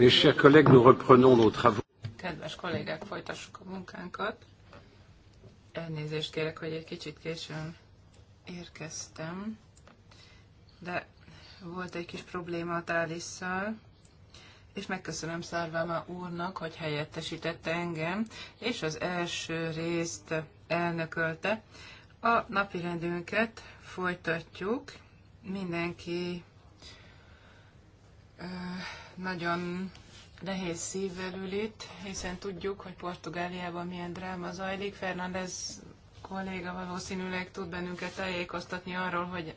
Mes chers collègues, nous reprenons nos travaux. Kedves kollégák, folytassuk a munkánkat. Elnézést kérek, hogy egy kicsit későn érkeztem, de volt egy kis probléma a tálisszal, és megköszönöm Szárváma úrnak, hogy helyettesítette engem, és az első részt elnökölte. A napi rendünket folytatjuk. Mindenki nagyon nehéz szívvel ül itt, hiszen tudjuk, hogy Portugáliában milyen dráma zajlik. Fernández kolléga valószínűleg tud bennünket tájékoztatni arról, hogy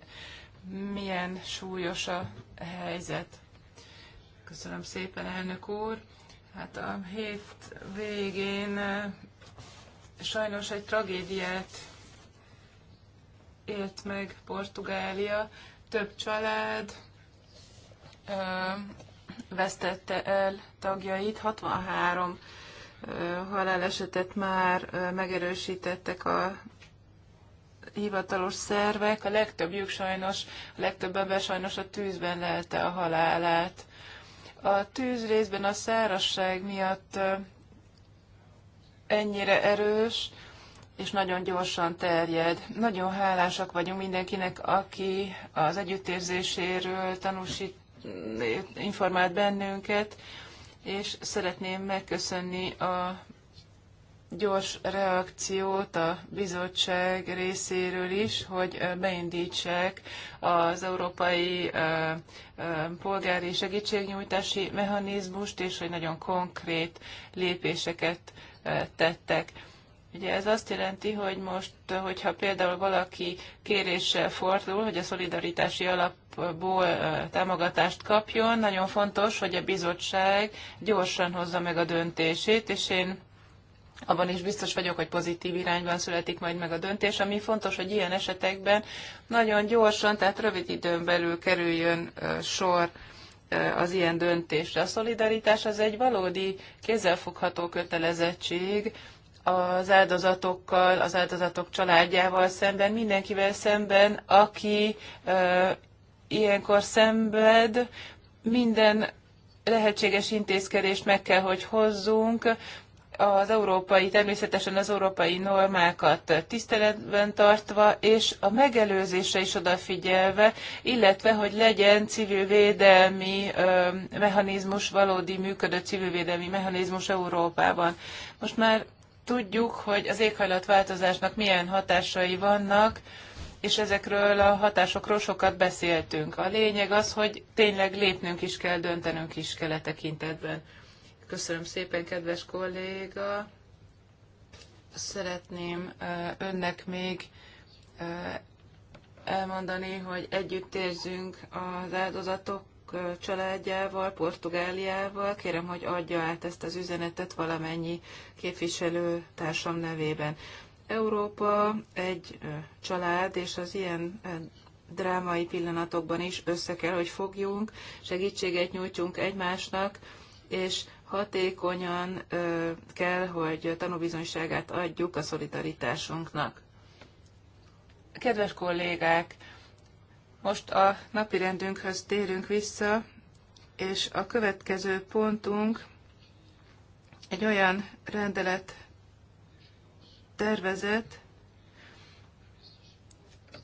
milyen súlyos a helyzet. Köszönöm szépen, elnök úr. Hát a hét végén eh, sajnos egy tragédiát élt meg Portugália. Több család eh, vesztette el tagjait, 63 halálesetet már megerősítettek a hivatalos szervek, a legtöbbjük sajnos, a legtöbb ember sajnos a tűzben lelte a halálát. A tűz részben a szárasság miatt ennyire erős, és nagyon gyorsan terjed. Nagyon hálásak vagyunk mindenkinek, aki az együttérzéséről tanúsít, informált bennünket, és szeretném megköszönni a gyors reakciót a bizottság részéről is, hogy beindítsák az európai polgári segítségnyújtási mechanizmust, és hogy nagyon konkrét lépéseket tettek. Ugye ez azt jelenti, hogy most, hogyha például valaki kéréssel fordul, hogy a szolidaritási alapból támogatást kapjon, nagyon fontos, hogy a bizottság gyorsan hozza meg a döntését, és én abban is biztos vagyok, hogy pozitív irányban születik majd meg a döntés, ami fontos, hogy ilyen esetekben nagyon gyorsan, tehát rövid időn belül kerüljön sor az ilyen döntésre. A szolidaritás az egy valódi kézzelfogható kötelezettség, az áldozatokkal, az áldozatok családjával szemben, mindenkivel szemben, aki e, ilyenkor szenved, minden lehetséges intézkedést meg kell, hogy hozzunk, az európai, természetesen az európai normákat tiszteletben tartva, és a megelőzésre is odafigyelve, illetve, hogy legyen civilvédelmi mechanizmus, valódi működő civilvédelmi mechanizmus Európában. Most már tudjuk, hogy az éghajlatváltozásnak milyen hatásai vannak, és ezekről a hatásokról sokat beszéltünk. A lényeg az, hogy tényleg lépnünk is kell, döntenünk is kell a e tekintetben. Köszönöm szépen, kedves kolléga! Szeretném önnek még elmondani, hogy együtt érzünk az áldozatok családjával, Portugáliával. Kérem, hogy adja át ezt az üzenetet valamennyi képviselő társam nevében. Európa egy család, és az ilyen drámai pillanatokban is össze kell, hogy fogjunk, segítséget nyújtsunk egymásnak, és hatékonyan kell, hogy tanúbizonyságát adjuk a szolidaritásunknak. Kedves kollégák, most a napi rendünkhöz térünk vissza, és a következő pontunk egy olyan rendelet tervezet,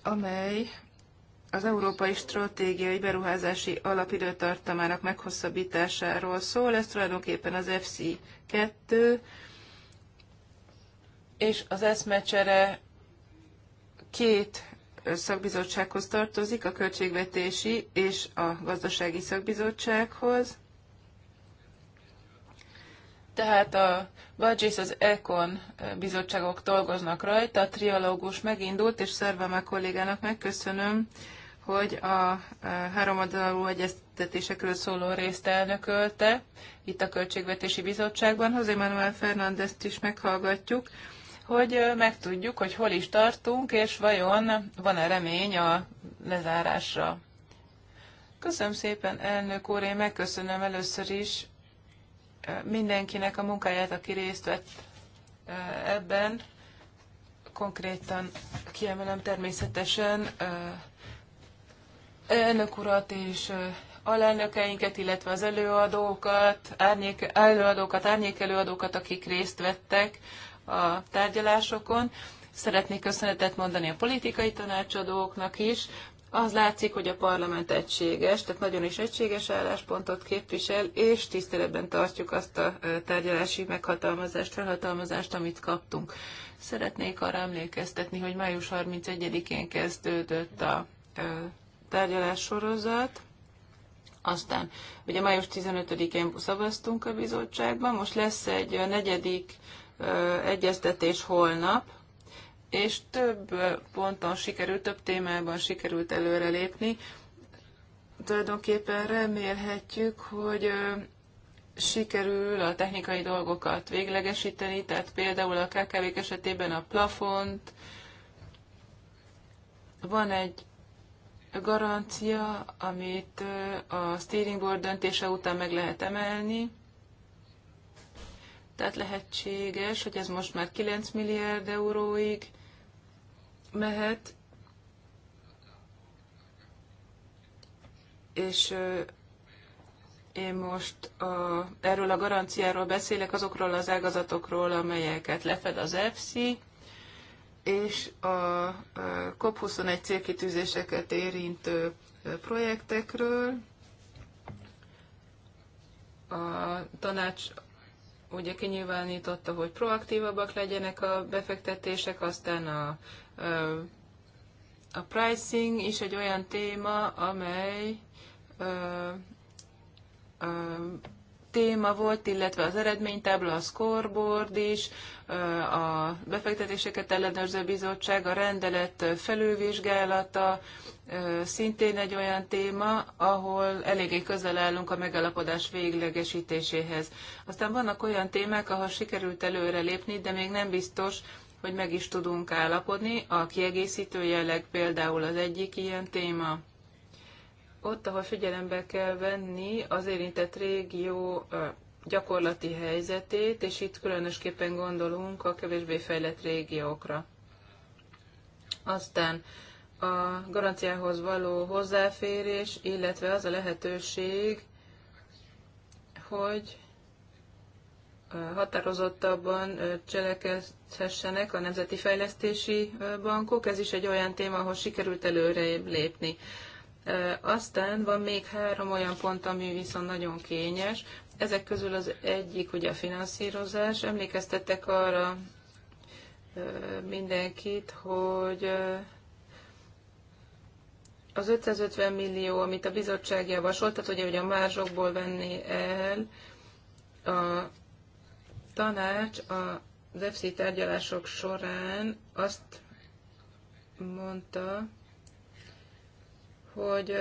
amely az Európai Stratégiai Beruházási Alap meghosszabbításáról szól. Ez tulajdonképpen az FC2, és az eszmecsere két szakbizottsághoz tartozik, a költségvetési és a gazdasági szakbizottsághoz. Tehát a Vagyis az Econ bizottságok dolgoznak rajta, a trialógus megindult, és a kollégának megköszönöm, hogy a háromadalú egyeztetésekről szóló részt elnökölte itt a Költségvetési Bizottságban. José Manuel Fernández-t is meghallgatjuk hogy megtudjuk, hogy hol is tartunk, és vajon van-e remény a lezárásra. Köszönöm szépen, elnök úr, én megköszönöm először is mindenkinek a munkáját, aki részt vett ebben. Konkrétan kiemelem természetesen elnök urat és alelnökeinket, illetve az előadókat, árnyék, előadókat, árnyék előadókat, akik részt vettek a tárgyalásokon. Szeretnék köszönetet mondani a politikai tanácsadóknak is. Az látszik, hogy a parlament egységes, tehát nagyon is egységes álláspontot képvisel, és tiszteletben tartjuk azt a tárgyalási meghatalmazást, felhatalmazást, amit kaptunk. Szeretnék arra emlékeztetni, hogy május 31-én kezdődött a tárgyalás sorozat, aztán ugye május 15-én szavaztunk a bizottságban, most lesz egy negyedik egyeztetés holnap, és több ponton sikerült, több témában sikerült előrelépni. Tulajdonképpen remélhetjük, hogy sikerül a technikai dolgokat véglegesíteni, tehát például a kkv esetében a plafont, van egy garancia, amit a steering board döntése után meg lehet emelni, tehát lehetséges, hogy ez most már 9 milliárd euróig mehet, és én most a, erről a garanciáról beszélek, azokról az ágazatokról, amelyeket lefed az EFSI, és a, a COP21 célkitűzéseket érintő projektekről. A tanács ugye kinyilvánította, hogy proaktívabbak legyenek a befektetések, aztán a, a pricing is egy olyan téma, amely téma volt, illetve az eredménytábla, a scoreboard is, a befektetéseket ellenőrző bizottság, a rendelet felülvizsgálata, szintén egy olyan téma, ahol eléggé közel állunk a megalapodás véglegesítéséhez. Aztán vannak olyan témák, ahol sikerült előre lépni, de még nem biztos, hogy meg is tudunk állapodni. A kiegészítő jelleg például az egyik ilyen téma ott, ahol figyelembe kell venni az érintett régió gyakorlati helyzetét, és itt különösképpen gondolunk a kevésbé fejlett régiókra. Aztán a garanciához való hozzáférés, illetve az a lehetőség, hogy határozottabban cselekedhessenek a nemzeti fejlesztési bankok. Ez is egy olyan téma, ahol sikerült előre lépni. Aztán van még három olyan pont, ami viszont nagyon kényes. Ezek közül az egyik ugye a finanszírozás. Emlékeztettek arra mindenkit, hogy az 550 millió, amit a bizottság javasolt, tehát ugye, hogy a mázsokból venni el, a tanács az EFSZI tárgyalások során azt mondta, hogy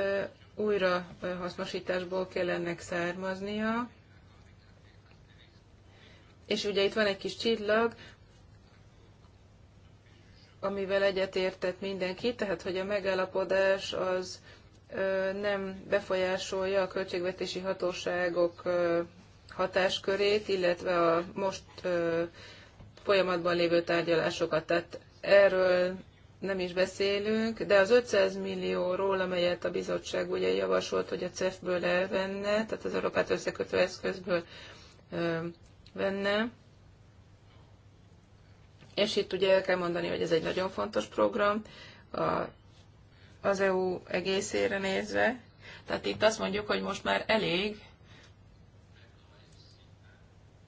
újra hasznosításból kell ennek származnia. És ugye itt van egy kis csillag, amivel egyetértett mindenki, tehát hogy a megállapodás az nem befolyásolja a költségvetési hatóságok hatáskörét, illetve a most folyamatban lévő tárgyalásokat. Tehát erről nem is beszélünk, de az 500 millióról, amelyet a bizottság ugye javasolt, hogy a CEF-ből elvenne, tehát az Európát összekötő eszközből ö, venne. És itt ugye el kell mondani, hogy ez egy nagyon fontos program a, az EU egészére nézve. Tehát itt azt mondjuk, hogy most már elég,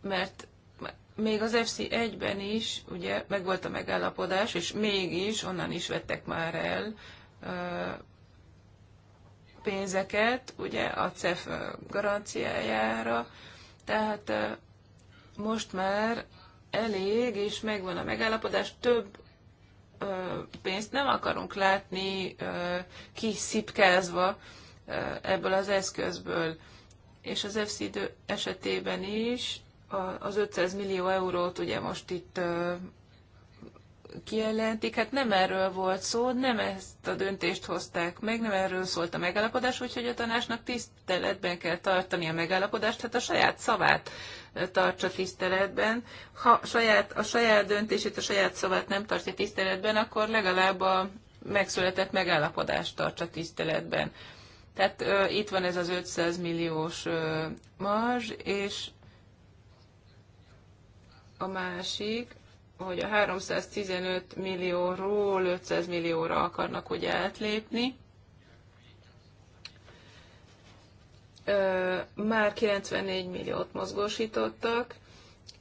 mert még az FC1-ben is, ugye megvolt a megállapodás, és mégis onnan is vettek már el pénzeket, ugye a CEF garanciájára, tehát most már elég, és megvan a megállapodás, több pénzt nem akarunk látni kiszipkázva ebből az eszközből. És az FC idő esetében is az 500 millió eurót ugye most itt kijelentik, hát nem erről volt szó, nem ezt a döntést hozták meg, nem erről szólt a megállapodás, úgyhogy a tanácsnak tiszteletben kell tartani a megállapodást, hát a saját szavát tartsa tiszteletben. Ha saját, a saját döntését, a saját szavát nem tartja tiszteletben, akkor legalább a megszületett megállapodást tartsa tiszteletben. Tehát uh, itt van ez az 500 milliós uh, marzs, és a másik, hogy a 315 millióról 500 millióra akarnak ugye átlépni. Már 94 milliót mozgósítottak,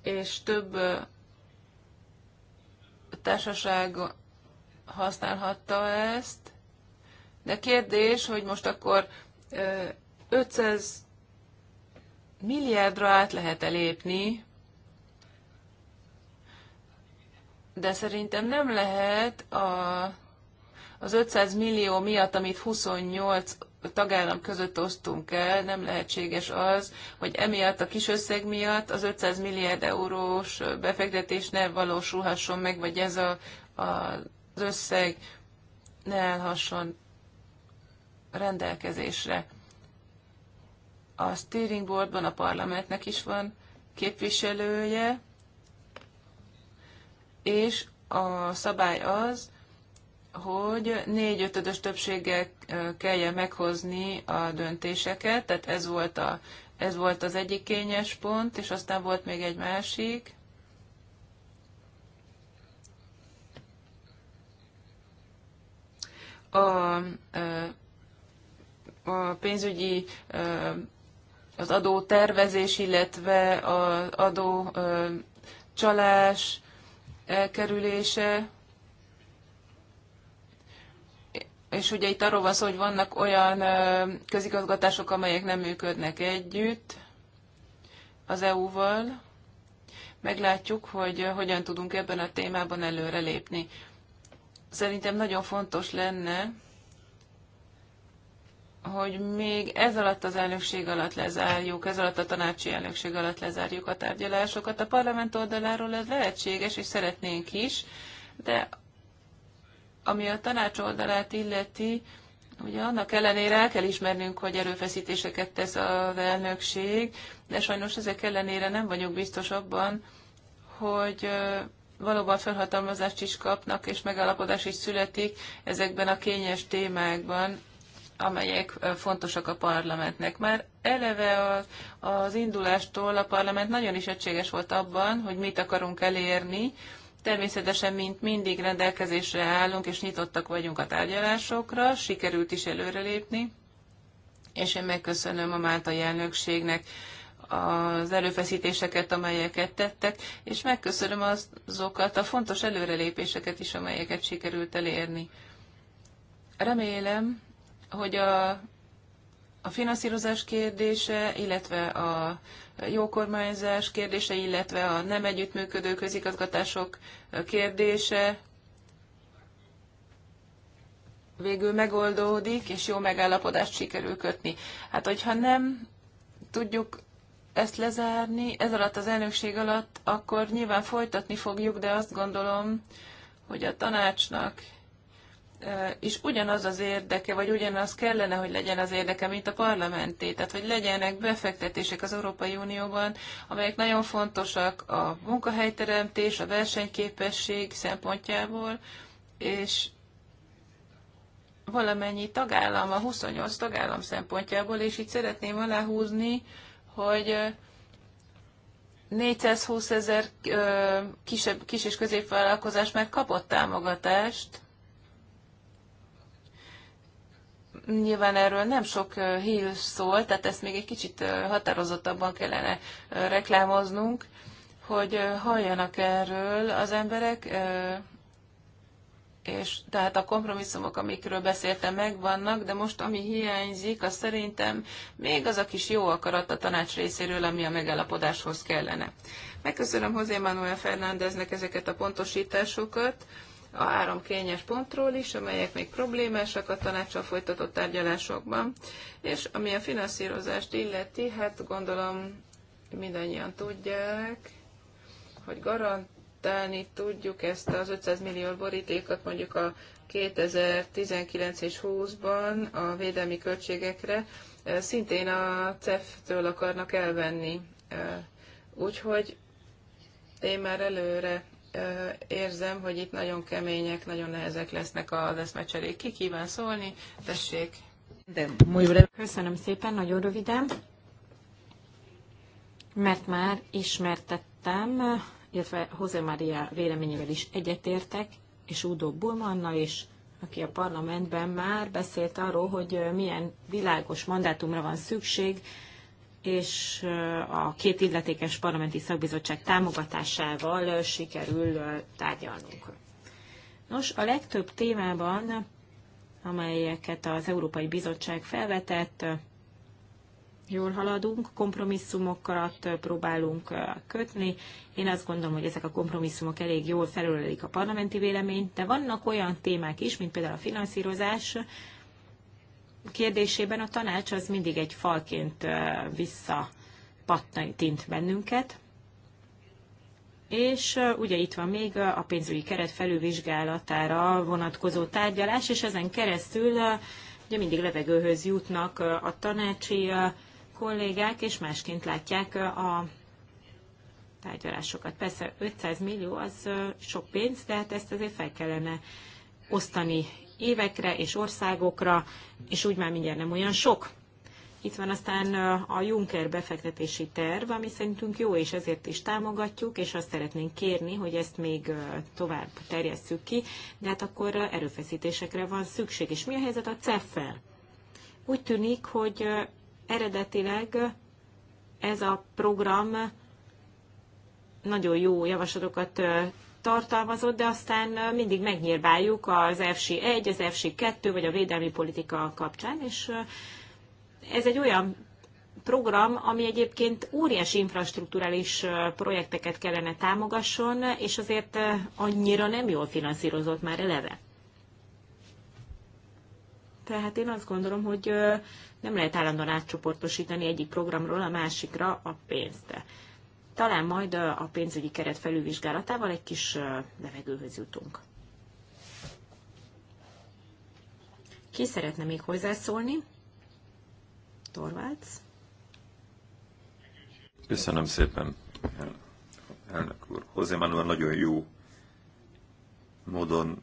és több társaság használhatta ezt. De kérdés, hogy most akkor 500 milliárdra át lehet elépni, de szerintem nem lehet a, az 500 millió miatt, amit 28 tagállam között osztunk el, nem lehetséges az, hogy emiatt a kis összeg miatt az 500 milliárd eurós befektetés ne valósulhasson meg, vagy ez a, a, az összeg ne állhasson rendelkezésre. A steering boardban a parlamentnek is van képviselője, és a szabály az, hogy négy ötödös többséggel kelljen meghozni a döntéseket, tehát ez volt, a, ez volt az egyik kényes pont, és aztán volt még egy másik, a, a pénzügyi az adó tervezés, illetve az adó csalás, elkerülése, és ugye itt arról van szó, hogy vannak olyan közigazgatások, amelyek nem működnek együtt az EU-val. Meglátjuk, hogy hogyan tudunk ebben a témában előrelépni. Szerintem nagyon fontos lenne, hogy még ez alatt az elnökség alatt lezárjuk, ez alatt a tanácsi elnökség alatt lezárjuk a tárgyalásokat. A parlament oldaláról ez lehetséges, és szeretnénk is, de ami a tanács oldalát illeti, ugye annak ellenére el kell ismernünk, hogy erőfeszítéseket tesz az elnökség, de sajnos ezek ellenére nem vagyunk biztos abban, hogy valóban felhatalmazást is kapnak, és megállapodás is születik ezekben a kényes témákban, amelyek fontosak a parlamentnek. Már eleve az indulástól a parlament nagyon is egységes volt abban, hogy mit akarunk elérni. Természetesen, mint mindig rendelkezésre állunk és nyitottak vagyunk a tárgyalásokra, sikerült is előrelépni, és én megköszönöm a Máltai elnökségnek az erőfeszítéseket, amelyeket tettek, és megköszönöm azokat a fontos előrelépéseket is, amelyeket sikerült elérni. Remélem, hogy a, a finanszírozás kérdése, illetve a jókormányzás kérdése, illetve a nem együttműködő közigazgatások kérdése végül megoldódik, és jó megállapodást sikerül kötni. Hát, hogyha nem tudjuk ezt lezárni ez alatt az elnökség alatt, akkor nyilván folytatni fogjuk, de azt gondolom, hogy a tanácsnak és ugyanaz az érdeke, vagy ugyanaz kellene, hogy legyen az érdeke, mint a parlamenté. Tehát, hogy legyenek befektetések az Európai Unióban, amelyek nagyon fontosak a munkahelyteremtés, a versenyképesség szempontjából, és valamennyi tagállam, a 28 tagállam szempontjából, és itt szeretném aláhúzni, hogy 420 ezer kisebb, kis és középvállalkozás már kapott támogatást, nyilván erről nem sok hír szól, tehát ezt még egy kicsit határozottabban kellene reklámoznunk, hogy halljanak erről az emberek, és tehát a kompromisszumok, amikről beszéltem, megvannak, de most ami hiányzik, az szerintem még az a kis jó akarat a tanács részéről, ami a megállapodáshoz kellene. Megköszönöm José Manuel Fernándeznek ezeket a pontosításokat a három kényes pontról is, amelyek még problémásak a tanácsa folytatott tárgyalásokban. És ami a finanszírozást illeti, hát gondolom mindannyian tudják, hogy garantálni tudjuk ezt az 500 millió borítékot mondjuk a 2019 és 20-ban a védelmi költségekre, eh, szintén a CEF-től akarnak elvenni. Eh, úgyhogy én már előre érzem, hogy itt nagyon kemények, nagyon nehezek lesznek az eszmecserék. Ki kíván szólni? Tessék! Köszönöm szépen, nagyon röviden, mert már ismertettem, illetve José Maria véleményével is egyetértek, és Udo Bulmannal is, aki a parlamentben már beszélt arról, hogy milyen világos mandátumra van szükség, és a két illetékes parlamenti szakbizottság támogatásával sikerül tárgyalnunk. Nos, a legtöbb témában, amelyeket az Európai Bizottság felvetett, jól haladunk, kompromisszumokat próbálunk kötni. Én azt gondolom, hogy ezek a kompromisszumok elég jól felülelik a parlamenti véleményt, de vannak olyan témák is, mint például a finanszírozás, kérdésében a tanács az mindig egy falként visszapattint bennünket. És ugye itt van még a pénzügyi keret felülvizsgálatára vonatkozó tárgyalás, és ezen keresztül ugye mindig levegőhöz jutnak a tanácsi kollégák, és másként látják a tárgyalásokat. Persze 500 millió az sok pénz, de hát ezt azért fel kellene osztani évekre és országokra, és úgy már mindjárt nem olyan sok. Itt van aztán a Juncker befektetési terv, ami szerintünk jó, és ezért is támogatjuk, és azt szeretnénk kérni, hogy ezt még tovább terjesszük ki, de hát akkor erőfeszítésekre van szükség. És mi a helyzet a CEF-fel? Úgy tűnik, hogy eredetileg ez a program nagyon jó javaslatokat tartalmazott, de aztán mindig megnyírbáljuk az FC1, az FC2 vagy a védelmi politika kapcsán, és ez egy olyan program, ami egyébként óriási infrastruktúrális projekteket kellene támogasson, és azért annyira nem jól finanszírozott már eleve. Tehát én azt gondolom, hogy nem lehet állandóan átcsoportosítani egyik programról a másikra a pénzt talán majd a pénzügyi keret felülvizsgálatával egy kis levegőhöz jutunk. Ki szeretne még hozzászólni? Torvalds. Köszönöm szépen, elnök úr. José Manuel nagyon jó módon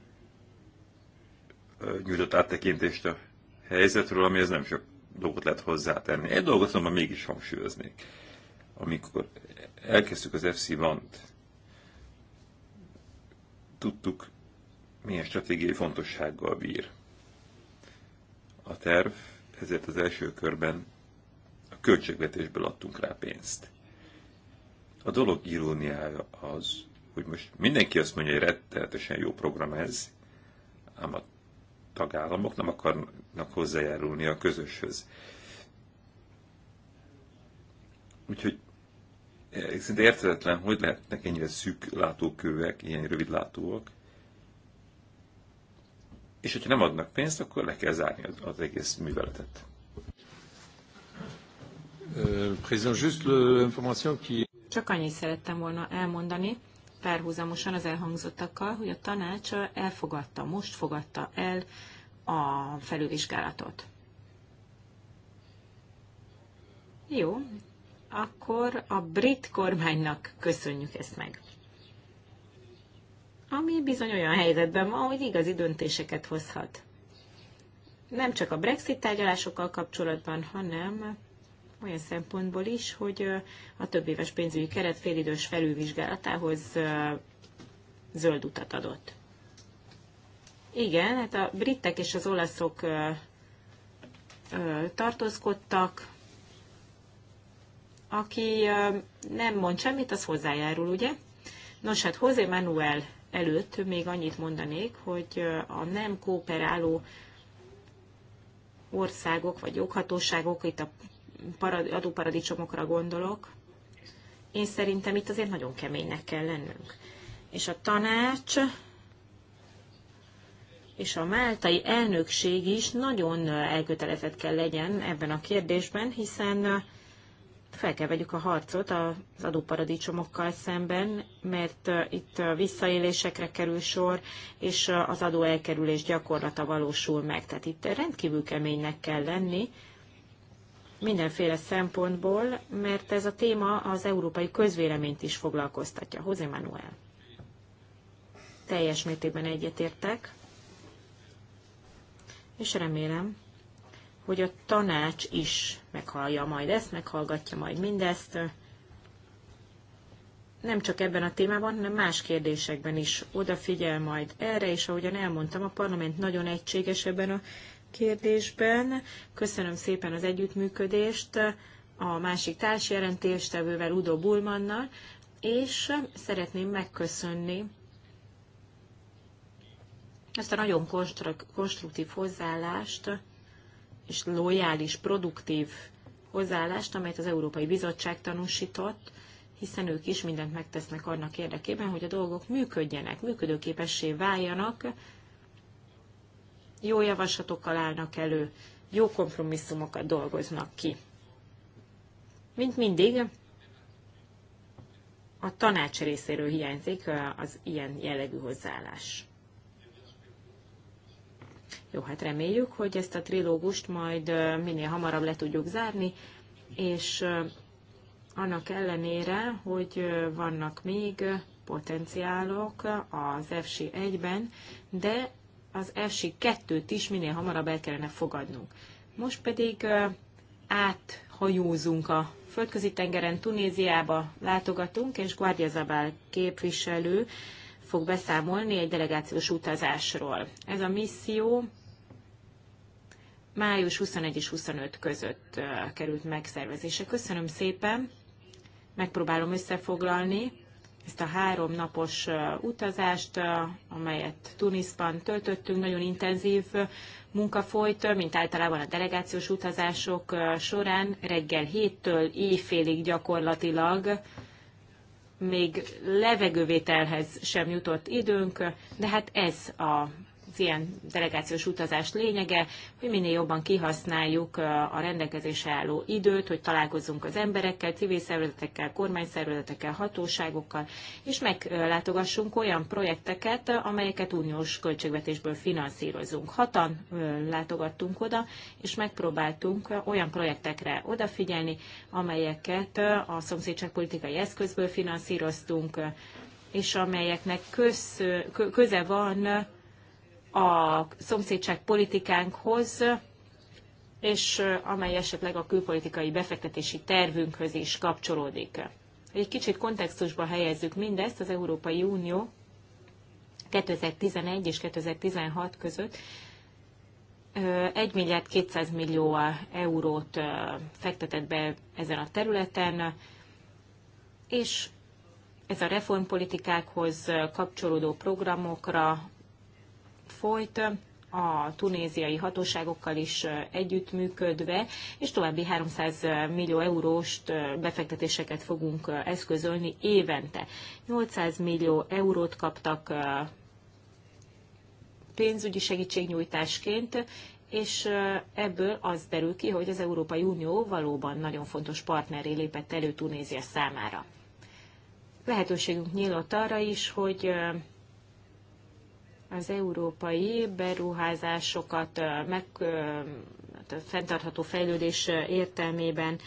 nyújtott áttekintést a helyzetről, amihez nem sok dolgot lehet hozzátenni. Egy dolgot szóval mégis hangsúlyoznék, amikor elkezdtük az FC Vant, tudtuk, milyen stratégiai fontossággal bír. A terv, ezért az első körben a költségvetésből adtunk rá pénzt. A dolog iróniája az, hogy most mindenki azt mondja, hogy rettenetesen jó program ez, ám a tagállamok nem akarnak hozzájárulni a közöshöz. Úgyhogy szinte érthetetlen, hogy lehetnek ennyire szűk látókövek, ilyen rövid látóak, És hogyha nem adnak pénzt, akkor le kell zárni az, az egész műveletet. Csak annyit szerettem volna elmondani, párhuzamosan az elhangzottakkal, hogy a tanács elfogadta, most fogadta el a felülvizsgálatot. Jó, akkor a brit kormánynak köszönjük ezt meg. Ami bizony olyan helyzetben van, hogy igazi döntéseket hozhat. Nem csak a Brexit tárgyalásokkal kapcsolatban, hanem olyan szempontból is, hogy a több éves pénzügyi keret félidős felülvizsgálatához zöld utat adott. Igen, hát a britek és az olaszok tartózkodtak, aki nem mond semmit, az hozzájárul, ugye? Nos, hát José Manuel előtt még annyit mondanék, hogy a nem kooperáló országok vagy joghatóságok, itt a adóparadicsomokra gondolok, én szerintem itt azért nagyon keménynek kell lennünk. És a tanács és a máltai elnökség is nagyon elkötelezett kell legyen ebben a kérdésben, hiszen fel kell vegyük a harcot az adóparadicsomokkal szemben, mert itt visszaélésekre kerül sor, és az adó elkerülés gyakorlata valósul meg. Tehát itt rendkívül keménynek kell lenni mindenféle szempontból, mert ez a téma az európai közvéleményt is foglalkoztatja. José Manuel. Teljes mértékben egyetértek, és remélem, hogy a tanács is meghallja majd ezt, meghallgatja majd mindezt. Nem csak ebben a témában, hanem más kérdésekben is odafigyel majd erre, és ahogyan elmondtam, a parlament nagyon egységes ebben a kérdésben. Köszönöm szépen az együttműködést a másik társjelentéstevővel, Udo Bulmannal, és szeretném megköszönni ezt a nagyon konstruktív hozzáállást, és lojális, produktív hozzáállást, amelyet az Európai Bizottság tanúsított, hiszen ők is mindent megtesznek annak érdekében, hogy a dolgok működjenek, működőképessé váljanak, jó javaslatokkal állnak elő, jó kompromisszumokat dolgoznak ki. Mint mindig, a tanács részéről hiányzik az ilyen jellegű hozzáállás. Jó, hát reméljük, hogy ezt a trilógust majd minél hamarabb le tudjuk zárni, és annak ellenére, hogy vannak még potenciálok az FC 1-ben, de az FC 2-t is minél hamarabb el kellene fogadnunk. Most pedig áthajózunk a földközi tengeren, Tunéziába látogatunk, és Guardia Zabal képviselő fog beszámolni egy delegációs utazásról. Ez a misszió május 21 és 25 között került megszervezése. Köszönöm szépen, megpróbálom összefoglalni ezt a három napos utazást, amelyet Tuniszban töltöttünk, nagyon intenzív munka folyt, mint általában a delegációs utazások során reggel héttől éjfélig gyakorlatilag még levegővételhez sem jutott időnk, de hát ez a az ilyen delegációs utazás lényege, hogy minél jobban kihasználjuk a rendelkezésre álló időt, hogy találkozzunk az emberekkel, civil szervezetekkel, kormányszervezetekkel, hatóságokkal, és meglátogassunk olyan projekteket, amelyeket uniós költségvetésből finanszírozunk. Hatan látogattunk oda, és megpróbáltunk olyan projektekre odafigyelni, amelyeket a politikai eszközből finanszíroztunk, és amelyeknek köz, köze van a szomszédság politikánkhoz, és amely esetleg a külpolitikai befektetési tervünkhöz is kapcsolódik. Egy kicsit kontextusba helyezzük mindezt, az Európai Unió 2011 és 2016 között 1 milliárd 200 millió eurót fektetett be ezen a területen, és ez a reformpolitikákhoz kapcsolódó programokra folyt a tunéziai hatóságokkal is együttműködve, és további 300 millió eurós befektetéseket fogunk eszközölni évente. 800 millió eurót kaptak pénzügyi segítségnyújtásként, és ebből az derül ki, hogy az Európai Unió valóban nagyon fontos partneré lépett elő Tunézia számára. Lehetőségünk nyílott arra is, hogy az európai beruházásokat meg, hát fenntartható fejlődés értelmében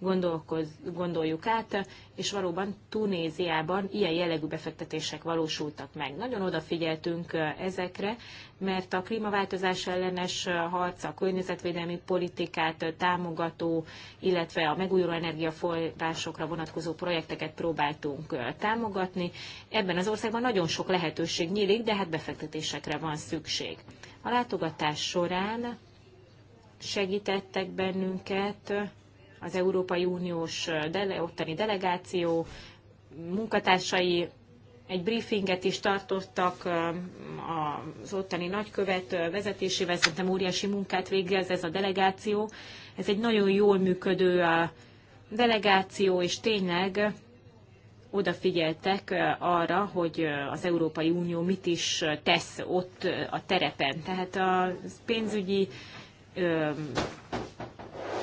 Gondolkoz, gondoljuk át, és valóban Tunéziában ilyen jellegű befektetések valósultak meg. Nagyon odafigyeltünk ezekre, mert a klímaváltozás ellenes harc, a környezetvédelmi politikát támogató, illetve a megújuló energiaforrásokra vonatkozó projekteket próbáltunk támogatni. Ebben az országban nagyon sok lehetőség nyílik, de hát befektetésekre van szükség. A látogatás során segítettek bennünket az Európai Uniós dele, ottani delegáció munkatársai egy briefinget is tartottak az ottani nagykövet vezetésével, szerintem óriási munkát végez ez a delegáció. Ez egy nagyon jól működő delegáció, és tényleg odafigyeltek arra, hogy az Európai Unió mit is tesz ott a terepen. Tehát a pénzügyi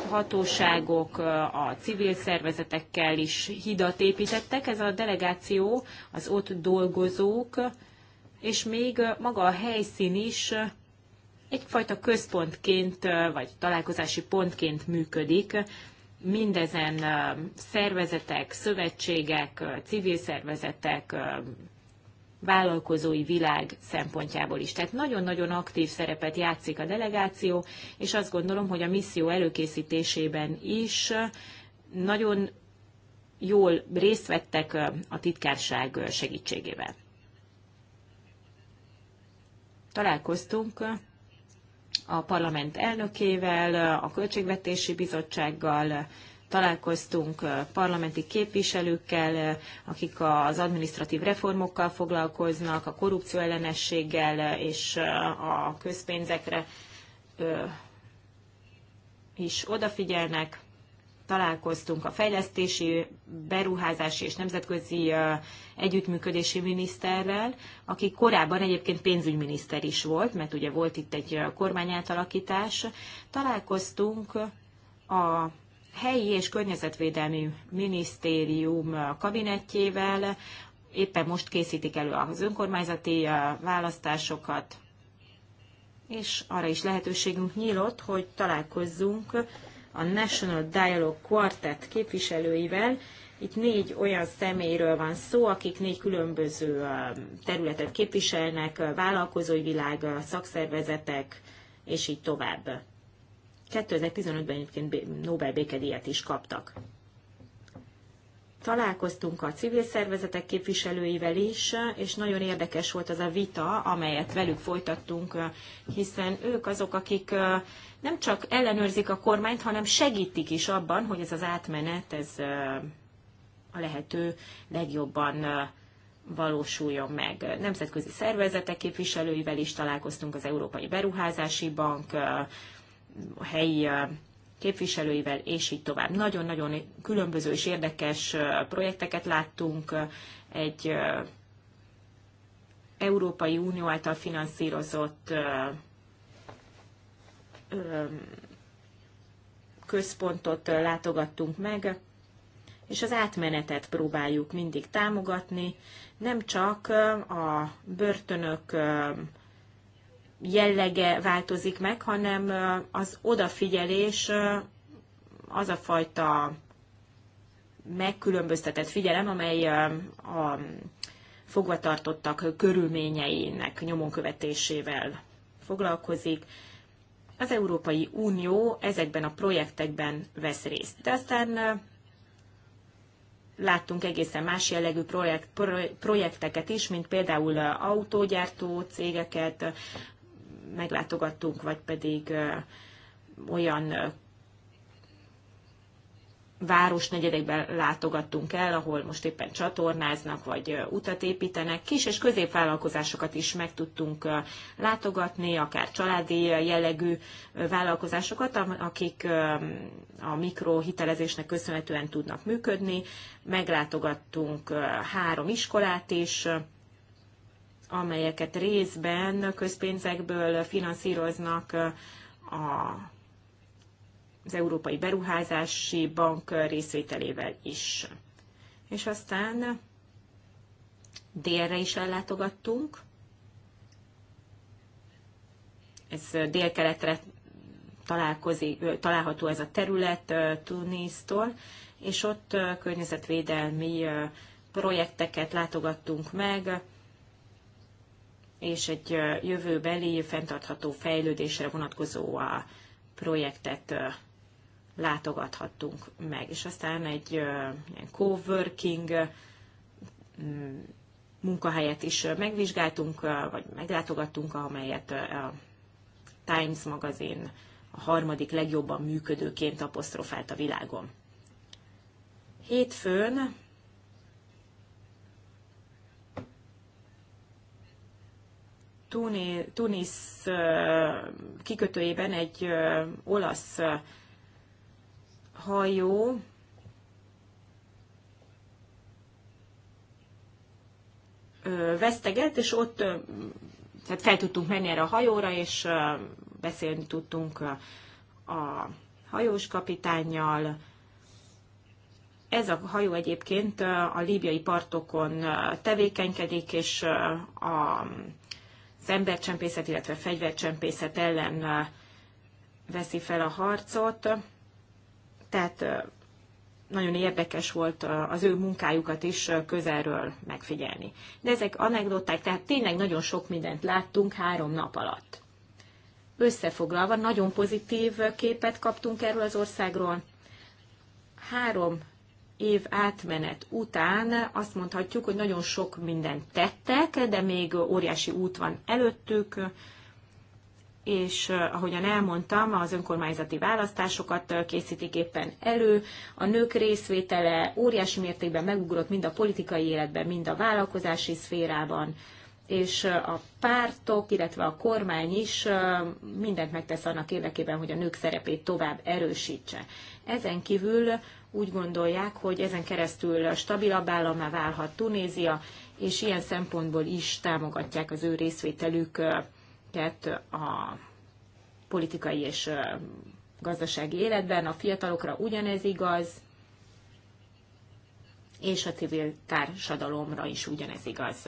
hatóságok, a civil szervezetekkel is hidat építettek. Ez a delegáció, az ott dolgozók, és még maga a helyszín is egyfajta központként, vagy találkozási pontként működik. Mindezen szervezetek, szövetségek, civil szervezetek, vállalkozói világ szempontjából is. Tehát nagyon-nagyon aktív szerepet játszik a delegáció, és azt gondolom, hogy a misszió előkészítésében is nagyon jól részt vettek a titkárság segítségével. Találkoztunk a parlament elnökével, a Költségvetési Bizottsággal, találkoztunk parlamenti képviselőkkel, akik az administratív reformokkal foglalkoznak, a korrupció ellenességgel és a közpénzekre is odafigyelnek. Találkoztunk a fejlesztési, beruházási és nemzetközi együttműködési miniszterrel, aki korábban egyébként pénzügyminiszter is volt, mert ugye volt itt egy kormányátalakítás. Találkoztunk a helyi és környezetvédelmi minisztérium kabinetjével. Éppen most készítik elő az önkormányzati választásokat, és arra is lehetőségünk nyílott, hogy találkozzunk a National Dialogue Quartet képviselőivel. Itt négy olyan személyről van szó, akik négy különböző területet képviselnek, vállalkozói világ, szakszervezetek, és így tovább. 2015-ben egyébként Nobel békedíjat is kaptak. Találkoztunk a civil szervezetek képviselőivel is, és nagyon érdekes volt az a vita, amelyet velük folytattunk, hiszen ők azok, akik nem csak ellenőrzik a kormányt, hanem segítik is abban, hogy ez az átmenet, ez a lehető legjobban valósuljon meg. Nemzetközi szervezetek képviselőivel is találkoztunk, az Európai Beruházási Bank, a helyi képviselőivel, és így tovább. Nagyon-nagyon különböző és érdekes projekteket láttunk, egy Európai Unió által finanszírozott központot látogattunk meg, és az átmenetet próbáljuk mindig támogatni, nem csak a börtönök jellege változik meg, hanem az odafigyelés az a fajta megkülönböztetett figyelem, amely a fogvatartottak körülményeinek nyomon követésével foglalkozik. Az Európai Unió ezekben a projektekben vesz részt. De aztán láttunk egészen más jellegű projekt, projekteket is, mint például autógyártó cégeket, meglátogattunk, vagy pedig olyan városnegyedekben látogattunk el, ahol most éppen csatornáznak, vagy utat építenek. Kis és középvállalkozásokat is meg tudtunk látogatni, akár családi jellegű vállalkozásokat, akik a mikrohitelezésnek köszönhetően tudnak működni. Meglátogattunk három iskolát is, amelyeket részben közpénzekből finanszíroznak a, az Európai Beruházási Bank részvételével is. És aztán délre is ellátogattunk. Ez délkeletre találkozik, található ez a terület Tunisztól, és ott környezetvédelmi projekteket látogattunk meg, és egy jövőbeli fenntartható fejlődésre vonatkozó a projektet látogathattunk meg. És aztán egy ilyen coworking munkahelyet is megvizsgáltunk, vagy meglátogattunk, amelyet a Times magazin a harmadik legjobban működőként apostrofált a világon. Hétfőn Tunis, kikötőjében egy olasz hajó veszteget, és ott tehát fel tudtunk menni erre a hajóra, és beszélni tudtunk a hajós kapitányjal. Ez a hajó egyébként a líbiai partokon tevékenykedik, és a az embercsempészet, illetve fegyvercsempészet ellen veszi fel a harcot. Tehát nagyon érdekes volt az ő munkájukat is közelről megfigyelni. De ezek anekdoták, tehát tényleg nagyon sok mindent láttunk három nap alatt. Összefoglalva, nagyon pozitív képet kaptunk erről az országról. Három év átmenet után azt mondhatjuk, hogy nagyon sok mindent tettek, de még óriási út van előttük, és eh, ahogyan elmondtam, az önkormányzati választásokat eh, készítik éppen elő. A nők részvétele óriási mértékben megugrott mind a politikai életben, mind a vállalkozási szférában, és eh, a pártok, illetve a kormány is mindent megtesz annak érdekében, hogy a nők szerepét tovább erősítse. Ezen kívül úgy gondolják, hogy ezen keresztül stabilabb állammá válhat Tunézia, és ilyen szempontból is támogatják az ő részvételüket a politikai és gazdasági életben. A fiatalokra ugyanez igaz, és a civil társadalomra is ugyanez igaz.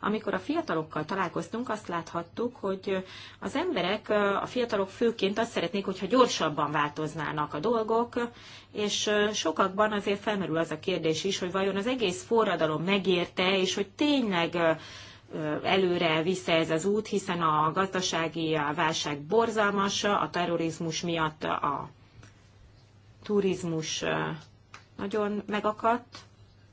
Amikor a fiatalokkal találkoztunk, azt láthattuk, hogy az emberek, a fiatalok főként azt szeretnék, hogyha gyorsabban változnának a dolgok, és sokakban azért felmerül az a kérdés is, hogy vajon az egész forradalom megérte, és hogy tényleg előre vissza ez az út, hiszen a gazdasági válság borzalmas, a terrorizmus miatt a turizmus nagyon megakadt,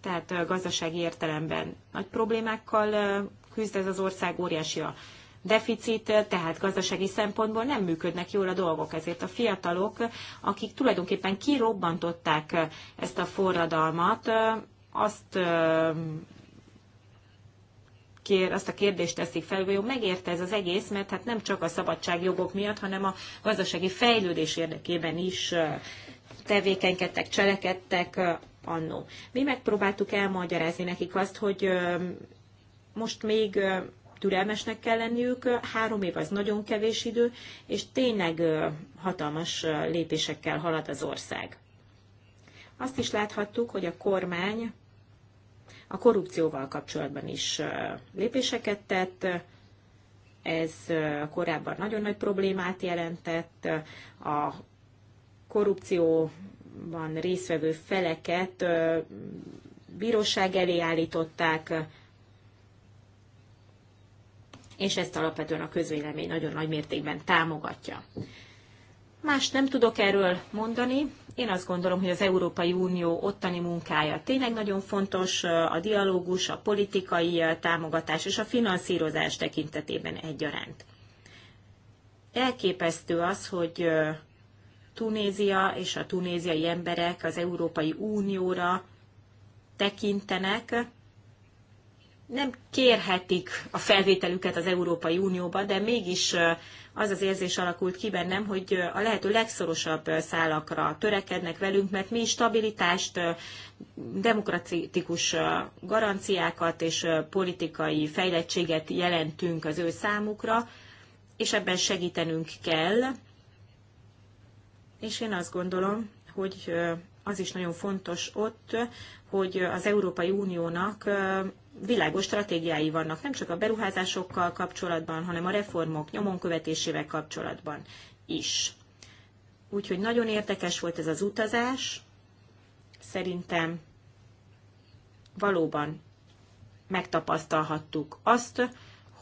tehát gazdasági értelemben nagy problémákkal küzd ez az ország, óriási a deficit, tehát gazdasági szempontból nem működnek jól a dolgok. Ezért a fiatalok, akik tulajdonképpen kirobbantották ezt a forradalmat, azt kér, azt a kérdést teszik fel, hogy megérte ez az egész, mert hát nem csak a szabadságjogok miatt, hanem a gazdasági fejlődés érdekében is tevékenykedtek, cselekedtek annó. Mi megpróbáltuk elmagyarázni nekik azt, hogy most még türelmesnek kell lenniük, három év az nagyon kevés idő, és tényleg hatalmas lépésekkel halad az ország. Azt is láthattuk, hogy a kormány a korrupcióval kapcsolatban is lépéseket tett, ez korábban nagyon nagy problémát jelentett, a korrupció van részvevő feleket bíróság elé állították, és ezt alapvetően a közvélemény nagyon nagy mértékben támogatja. Más nem tudok erről mondani. Én azt gondolom, hogy az Európai Unió ottani munkája tényleg nagyon fontos, a dialógus, a politikai támogatás és a finanszírozás tekintetében egyaránt. Elképesztő az, hogy Tunézia és a tunéziai emberek az Európai Unióra tekintenek, nem kérhetik a felvételüket az Európai Unióba, de mégis az az érzés alakult ki bennem, hogy a lehető legszorosabb szálakra törekednek velünk, mert mi stabilitást, demokratikus garanciákat és politikai fejlettséget jelentünk az ő számukra, és ebben segítenünk kell és én azt gondolom, hogy az is nagyon fontos ott, hogy az Európai Uniónak világos stratégiái vannak, nem csak a beruházásokkal kapcsolatban, hanem a reformok nyomon követésével kapcsolatban is. Úgyhogy nagyon érdekes volt ez az utazás. Szerintem valóban megtapasztalhattuk azt,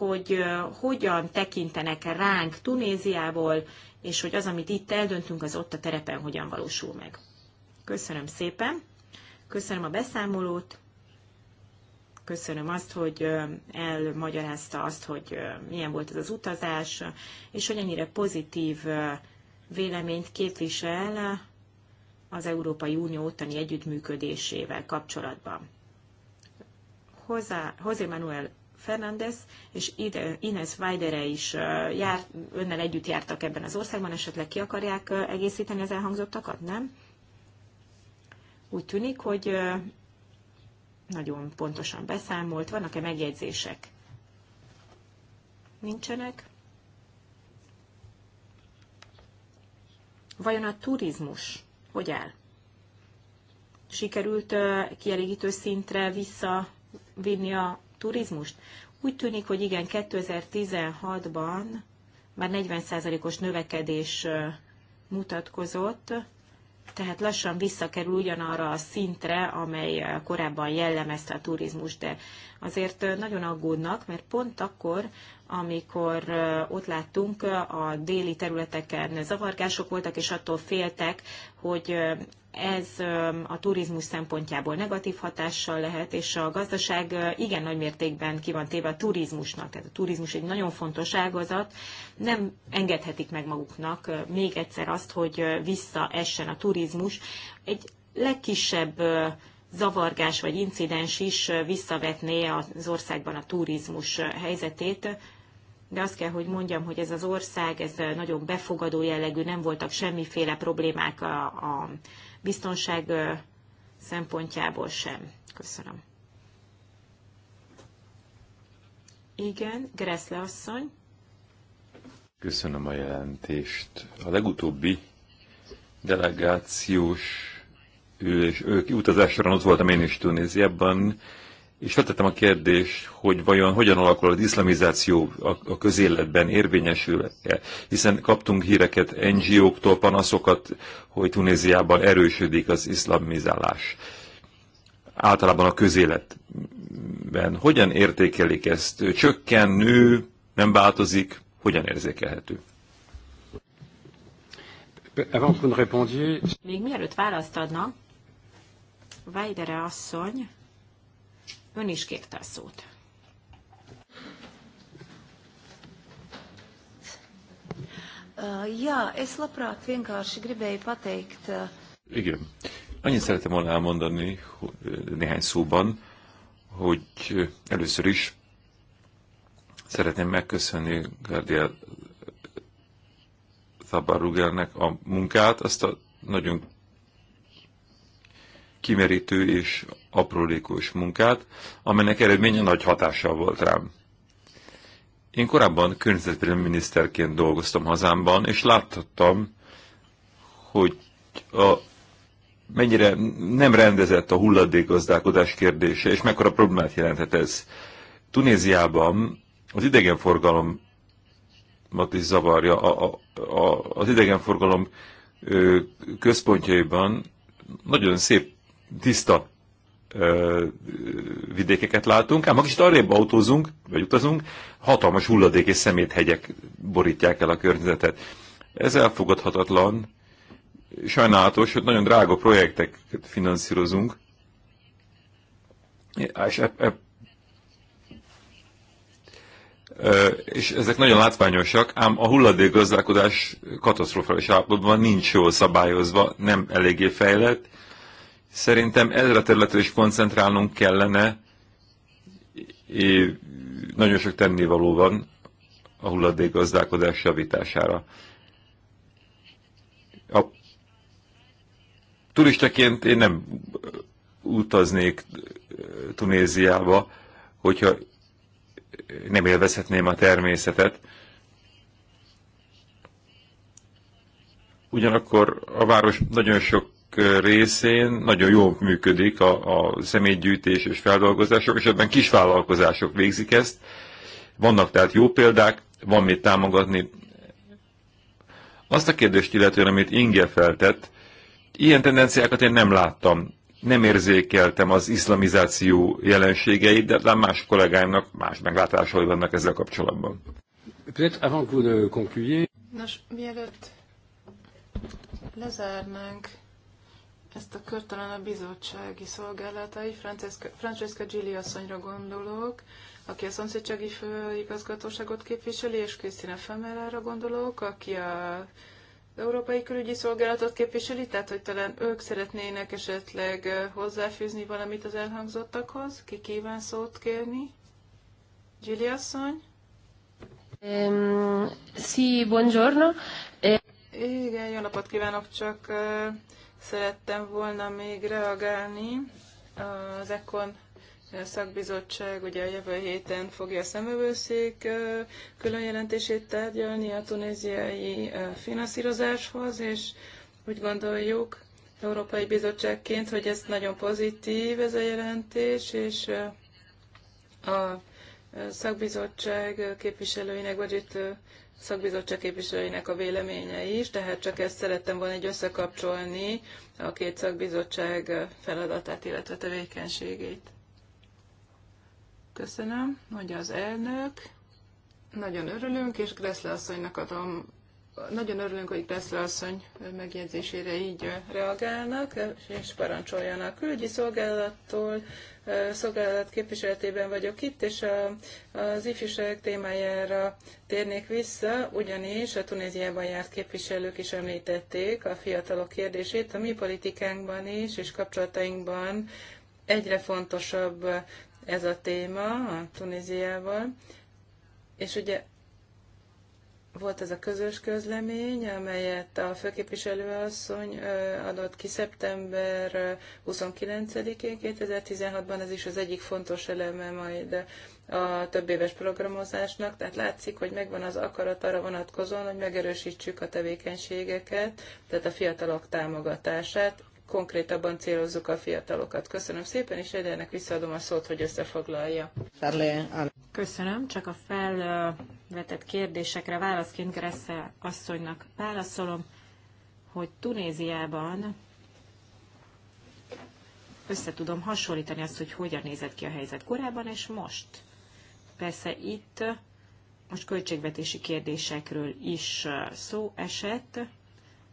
hogy hogyan tekintenek ránk Tunéziából, és hogy az, amit itt eldöntünk, az ott a terepen hogyan valósul meg. Köszönöm szépen, köszönöm a beszámolót, köszönöm azt, hogy elmagyarázta azt, hogy milyen volt ez az utazás, és hogy ennyire pozitív véleményt képvisel az Európai Unió ottani együttműködésével kapcsolatban. Hozzá, José Manuel Fernández és Ines Weidere is járt, önnel együtt jártak ebben az országban, esetleg ki akarják egészíteni az elhangzottakat, nem? Úgy tűnik, hogy nagyon pontosan beszámolt. Vannak-e megjegyzések? Nincsenek? Vajon a turizmus hogy áll? Sikerült kielégítő szintre visszavinni a turizmust? Úgy tűnik, hogy igen, 2016-ban már 40%-os növekedés mutatkozott, tehát lassan visszakerül ugyanarra a szintre, amely korábban jellemezte a turizmus, de azért nagyon aggódnak, mert pont akkor, amikor ott láttunk, a déli területeken zavargások voltak, és attól féltek, hogy ez a turizmus szempontjából negatív hatással lehet, és a gazdaság igen nagy mértékben ki van téve a turizmusnak. Tehát a turizmus egy nagyon fontos ágazat. Nem engedhetik meg maguknak még egyszer azt, hogy visszaessen a turizmus. Egy legkisebb zavargás vagy incidens is visszavetné az országban a turizmus helyzetét, de azt kell, hogy mondjam, hogy ez az ország, ez nagyon befogadó jellegű, nem voltak semmiféle problémák a, a biztonság szempontjából sem. Köszönöm. Igen, Greszle asszony. Köszönöm a jelentést. A legutóbbi delegációs és ők utazásra ott voltam én is Tunéziában, és feltettem a kérdést, hogy vajon hogyan alakul az iszlamizáció a, a közéletben érvényesül-e, hiszen kaptunk híreket NGO-któl, panaszokat, hogy Tunéziában erősödik az iszlamizálás. Általában a közéletben. Hogyan értékelik ezt? Csökken, nő, nem változik? Hogyan érzékelhető? Még mielőtt választ adna, Weidere asszony Ön is kérte a szót. Ja, es laprát, vienkārši gribei pateikt. Igen. Annyit szeretem volna elmondani néhány szóban, hogy először is szeretném megköszönni Gardiel Tabarugelnek a munkát, azt a nagyon kimerítő és aprólékos munkát, amelynek eredménye nagy hatással volt rám. Én korábban környezetvédelmi miniszterként dolgoztam hazámban, és láthattam, hogy a, mennyire nem rendezett a hulladékgazdálkodás kérdése, és mekkora problémát jelenthet ez. Tunéziában az idegenforgalom is zavarja, a, a, a, az idegenforgalom ö, központjaiban nagyon szép tiszta ö, vidékeket látunk, ám ha arrébb autózunk, vagy utazunk, hatalmas hulladék és szeméthegyek borítják el a környezetet. Ez elfogadhatatlan, sajnálatos, hogy nagyon drága projekteket finanszírozunk, és, e, e, és ezek nagyon látványosak, ám a gazdálkodás katasztrofális állapotban nincs jól szabályozva, nem eléggé fejlett, Szerintem ezzel a területre is koncentrálnunk kellene, és nagyon sok tennivaló van a hulladék gazdálkodás javítására. A turistaként én nem utaznék Tunéziába, hogyha nem élvezhetném a természetet. Ugyanakkor a város nagyon sok részén nagyon jól működik a, a személygyűjtés és feldolgozások, és ebben kisvállalkozások végzik ezt. Vannak tehát jó példák, van mit támogatni. Azt a kérdést illetően, amit Inge feltett, ilyen tendenciákat én nem láttam. Nem érzékeltem az iszlamizáció jelenségeit, de talán más kollégáimnak más meglátásai vannak ezzel kapcsolatban. Nos, mielőtt lezárnánk ezt a körtelen a bizottsági szolgálatai, Francesca, Francesca Gilli asszonyra gondolok, aki a szomszédsági főigazgatóságot képviseli, és Krisztina Femerára gondolok, aki a Európai Külügyi Szolgálatot képviseli, tehát hogy talán ők szeretnének esetleg hozzáfűzni valamit az elhangzottakhoz. Ki kíván szót kérni? Gilli asszony? Um, sí, buongiorno. Igen, jó napot kívánok, csak szerettem volna még reagálni. Az Ekon szakbizottság ugye a jövő héten fogja a szemövőszék külön jelentését tárgyalni a tunéziai finanszírozáshoz, és úgy gondoljuk, Európai Bizottságként, hogy ez nagyon pozitív ez a jelentés, és a szakbizottság képviselőinek, vagy itt szakbizottság képviselőinek a véleménye is, tehát csak ezt szerettem volna egy összekapcsolni a két szakbizottság feladatát, illetve tevékenységét. Köszönöm, mondja az elnök. Nagyon örülünk, és Greszle asszonynak adom nagyon örülünk, hogy Kressler asszony megjegyzésére így reagálnak, és parancsoljanak. Külügyi szolgálattól szolgálat képviseletében vagyok itt, és a, az ifjúság témájára térnék vissza, ugyanis a Tunéziában járt képviselők is említették a fiatalok kérdését. A mi politikánkban is és kapcsolatainkban egyre fontosabb ez a téma a Tunéziával. És ugye volt ez a közös közlemény, amelyet a főképviselőasszony adott ki szeptember 29-én 2016-ban, ez is az egyik fontos eleme majd a több éves programozásnak, tehát látszik, hogy megvan az akarat arra vonatkozóan, hogy megerősítsük a tevékenységeket, tehát a fiatalok támogatását, konkrétabban célozzuk a fiatalokat. Köszönöm szépen, és Edelnek visszaadom a szót, hogy összefoglalja. Köszönöm, csak a felvetett kérdésekre válaszként Gressze asszonynak válaszolom, hogy Tunéziában összetudom hasonlítani azt, hogy hogyan nézett ki a helyzet korábban és most. Persze itt most költségvetési kérdésekről is szó esett,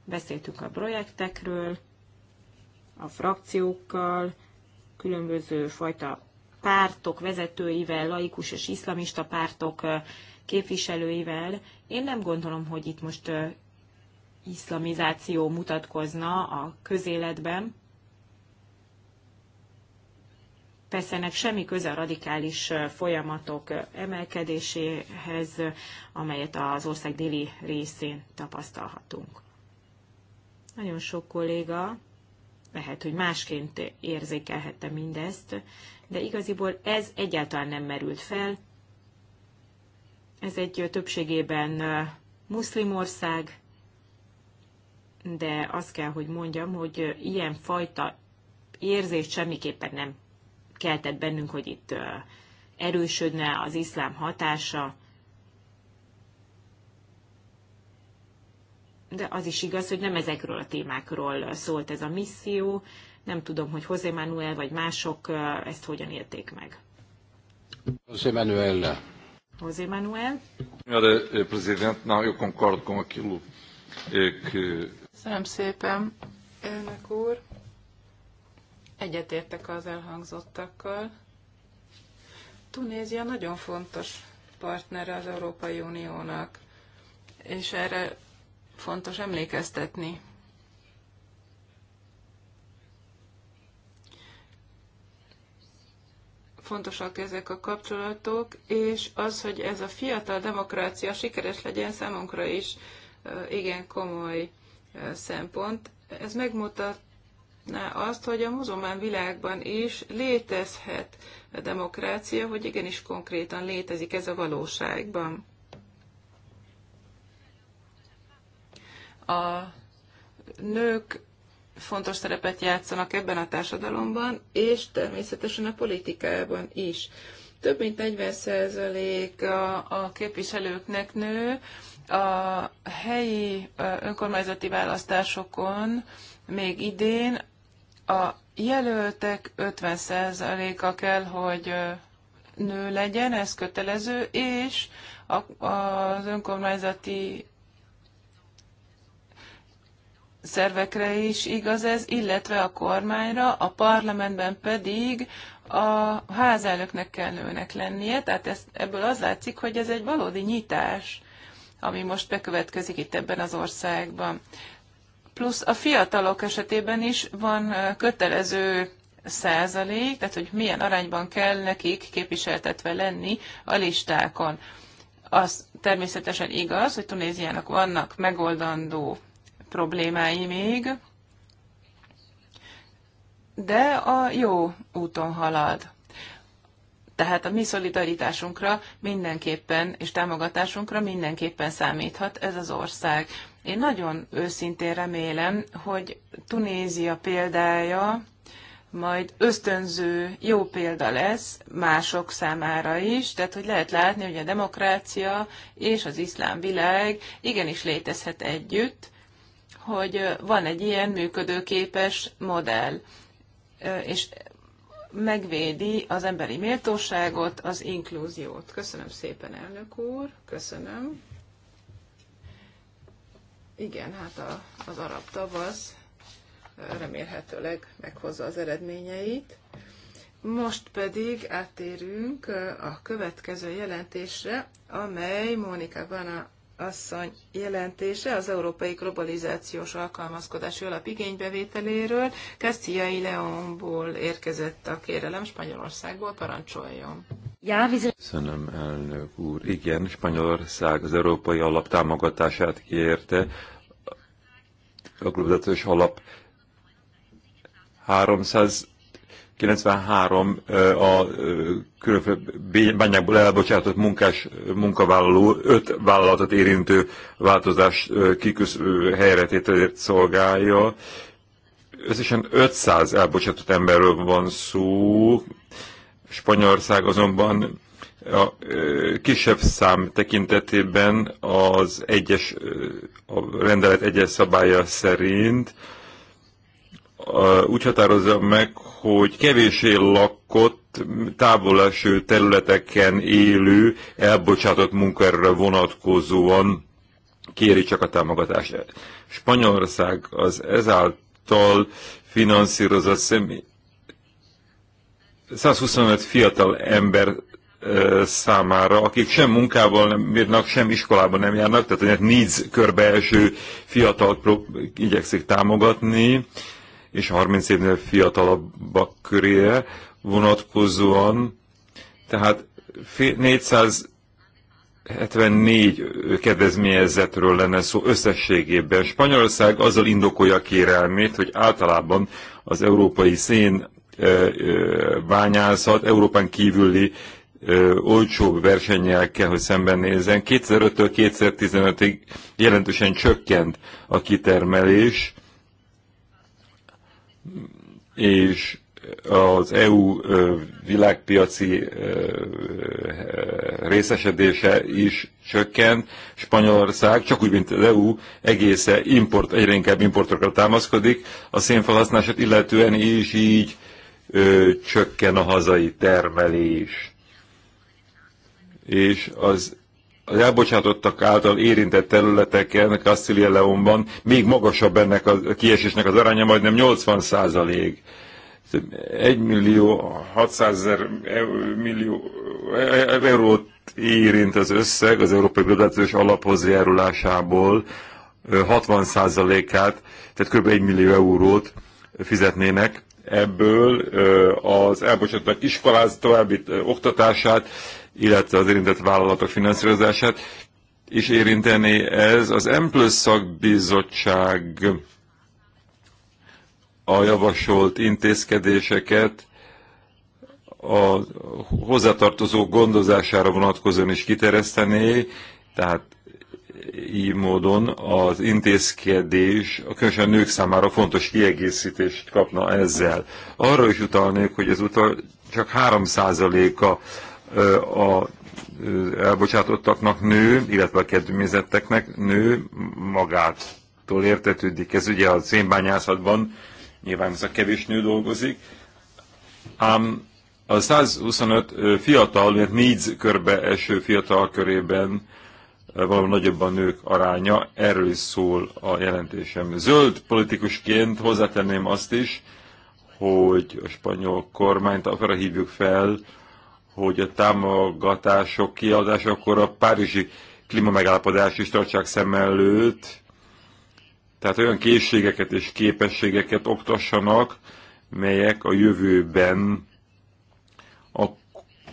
beszéltünk a projektekről, a frakciókkal, különböző fajta pártok vezetőivel, laikus és iszlamista pártok képviselőivel. Én nem gondolom, hogy itt most iszlamizáció mutatkozna a közéletben. Persze ennek semmi köze a radikális folyamatok emelkedéséhez, amelyet az ország déli részén tapasztalhatunk. Nagyon sok kolléga lehet, hogy másként érzékelhette mindezt, de igaziból ez egyáltalán nem merült fel. Ez egy többségében muszlim ország, de azt kell, hogy mondjam, hogy ilyen fajta érzést semmiképpen nem keltett bennünk, hogy itt erősödne az iszlám hatása, de az is igaz, hogy nem ezekről a témákról szólt ez a misszió. Nem tudom, hogy José Manuel vagy mások ezt hogyan élték meg. José Manuel. José Manuel. Senhora eh, Presidente, não, eu concordo com aquilo eh, Köszönöm szépen, elnök úr. Egyetértek az elhangzottakkal. Tunézia nagyon fontos partnere az Európai Uniónak, és erre fontos emlékeztetni. Fontosak ezek a kapcsolatok, és az, hogy ez a fiatal demokrácia sikeres legyen számunkra is igen komoly szempont. Ez megmutatná azt, hogy a muzulmán világban is létezhet a demokrácia, hogy igenis konkrétan létezik ez a valóságban. a nők fontos szerepet játszanak ebben a társadalomban, és természetesen a politikában is. Több mint 40% a, a képviselőknek nő, a helyi önkormányzati választásokon még idén a jelöltek 50%-a kell, hogy nő legyen, ez kötelező, és az önkormányzati szervekre is igaz ez, illetve a kormányra, a parlamentben pedig a házelnöknek kell nőnek lennie, tehát ez, ebből az látszik, hogy ez egy valódi nyitás, ami most bekövetkezik itt ebben az országban. Plusz a fiatalok esetében is van kötelező százalék, tehát hogy milyen arányban kell nekik képviseltetve lenni a listákon. Az természetesen igaz, hogy Tunéziának vannak megoldandó problémái még, de a jó úton halad. Tehát a mi szolidaritásunkra mindenképpen és támogatásunkra mindenképpen számíthat ez az ország. Én nagyon őszintén remélem, hogy Tunézia példája majd ösztönző jó példa lesz mások számára is, tehát hogy lehet látni, hogy a demokrácia és az iszlám világ igenis létezhet együtt, hogy van egy ilyen működőképes modell, és megvédi az emberi méltóságot, az inkluziót. Köszönöm szépen, elnök úr, köszönöm. Igen, hát a, az arab tavasz remélhetőleg meghozza az eredményeit. Most pedig átérünk a következő jelentésre, amely Mónika Vana asszony jelentése az Európai Globalizációs Alkalmazkodási Alap igénybevételéről. Castillai Leonból érkezett a kérelem Spanyolországból, parancsoljon. Ja, Köszönöm, elnök úr. Igen, Spanyolország az európai alap támogatását kérte. A globalizációs alap 300 93 a különféle bányákból elbocsátott munkás, munkavállaló öt vállalatot érintő változás kiküsz helyretételért szolgálja. Összesen 500 elbocsátott emberről van szó. Spanyolország azonban a kisebb szám tekintetében az egyes, a rendelet egyes szabálya szerint úgy határozza meg, hogy kevésé lakott, távol eső területeken élő, elbocsátott munkaerőre vonatkozóan kéri csak a támogatást. Spanyolország az ezáltal finanszírozott személy 125 fiatal ember számára, akik sem munkával nem bírnak, sem iskolában nem járnak, tehát a NEEDS körbeeső fiatal prób- igyekszik támogatni, és 30 évnél fiatalabbak körére vonatkozóan, tehát 474 kedvezményezetről lenne szó összességében. Spanyolország azzal indokolja a kérelmét, hogy általában az európai szén bányászat Európán kívüli olcsóbb versennyel kell, hogy szembenézzen. 2005-től 2015-ig jelentősen csökkent a kitermelés, és az EU világpiaci részesedése is csökkent. Spanyolország, csak úgy, mint az EU, egésze import, egyre inkább importokra támaszkodik. A szénfelhasználását illetően is így ö, csökken a hazai termelés. És az az elbocsátottak által érintett területeken, Castilla Leonban még magasabb ennek a kiesésnek az aránya, majdnem 80 százalék. 1 millió 600 ezer e- millió eurót érint az összeg az Európai Globalizációs Alaphoz járulásából 60 százalékát, tehát kb. 1 millió eurót fizetnének ebből az elbocsátottak iskolázat további oktatását, illetve az érintett vállalatok finanszírozását is érinteni ez. Az M plusz szakbizottság a javasolt intézkedéseket a hozzátartozó gondozására vonatkozóan is kiterjesztené, tehát így módon az intézkedés, a különösen nők számára fontos kiegészítést kapna ezzel. Arra is utalnék, hogy ez utal, csak 3%-a a elbocsátottaknak nő, illetve a kedvezetteknek nő magától értetődik. Ez ugye a szénbányászatban nyilván ez a kevés nő dolgozik, ám a 125 fiatal, mert négy körbe eső fiatal körében való nagyobb a nők aránya, erről is szól a jelentésem. Zöld politikusként hozzátenném azt is, hogy a spanyol kormányt arra hívjuk fel, hogy a támogatások kiadása, akkor a párizsi klímamegállapodás is tartsák szem előtt, tehát olyan készségeket és képességeket oktassanak, melyek a jövőben a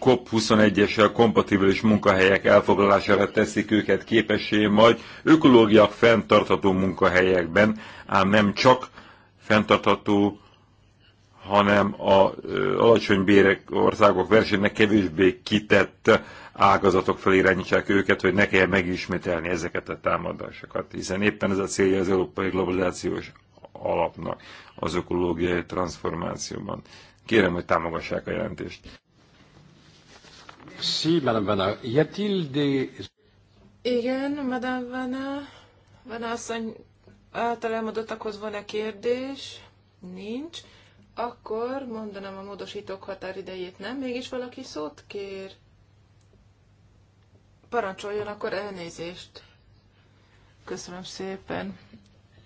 COP21-essel kompatibilis munkahelyek elfoglalására teszik őket képessé majd ökológiak fenntartható munkahelyekben, ám nem csak fenntartható hanem a alacsony bérek országok versenynek kevésbé kitett ágazatok felé irányítsák őket, hogy ne kell megismételni ezeket a támadásokat, hiszen éppen ez a célja az európai globalizációs alapnak az ökológiai transformációban. Kérem, hogy támogassák a jelentést. Sí, Madame Vana. Y a-t-il des... Igen, Madame Vana. Vana asszony által elmondottakhoz van-e kérdés? Nincs akkor mondanám a módosítók határidejét, nem? Mégis valaki szót kér. Parancsoljon akkor elnézést. Köszönöm szépen.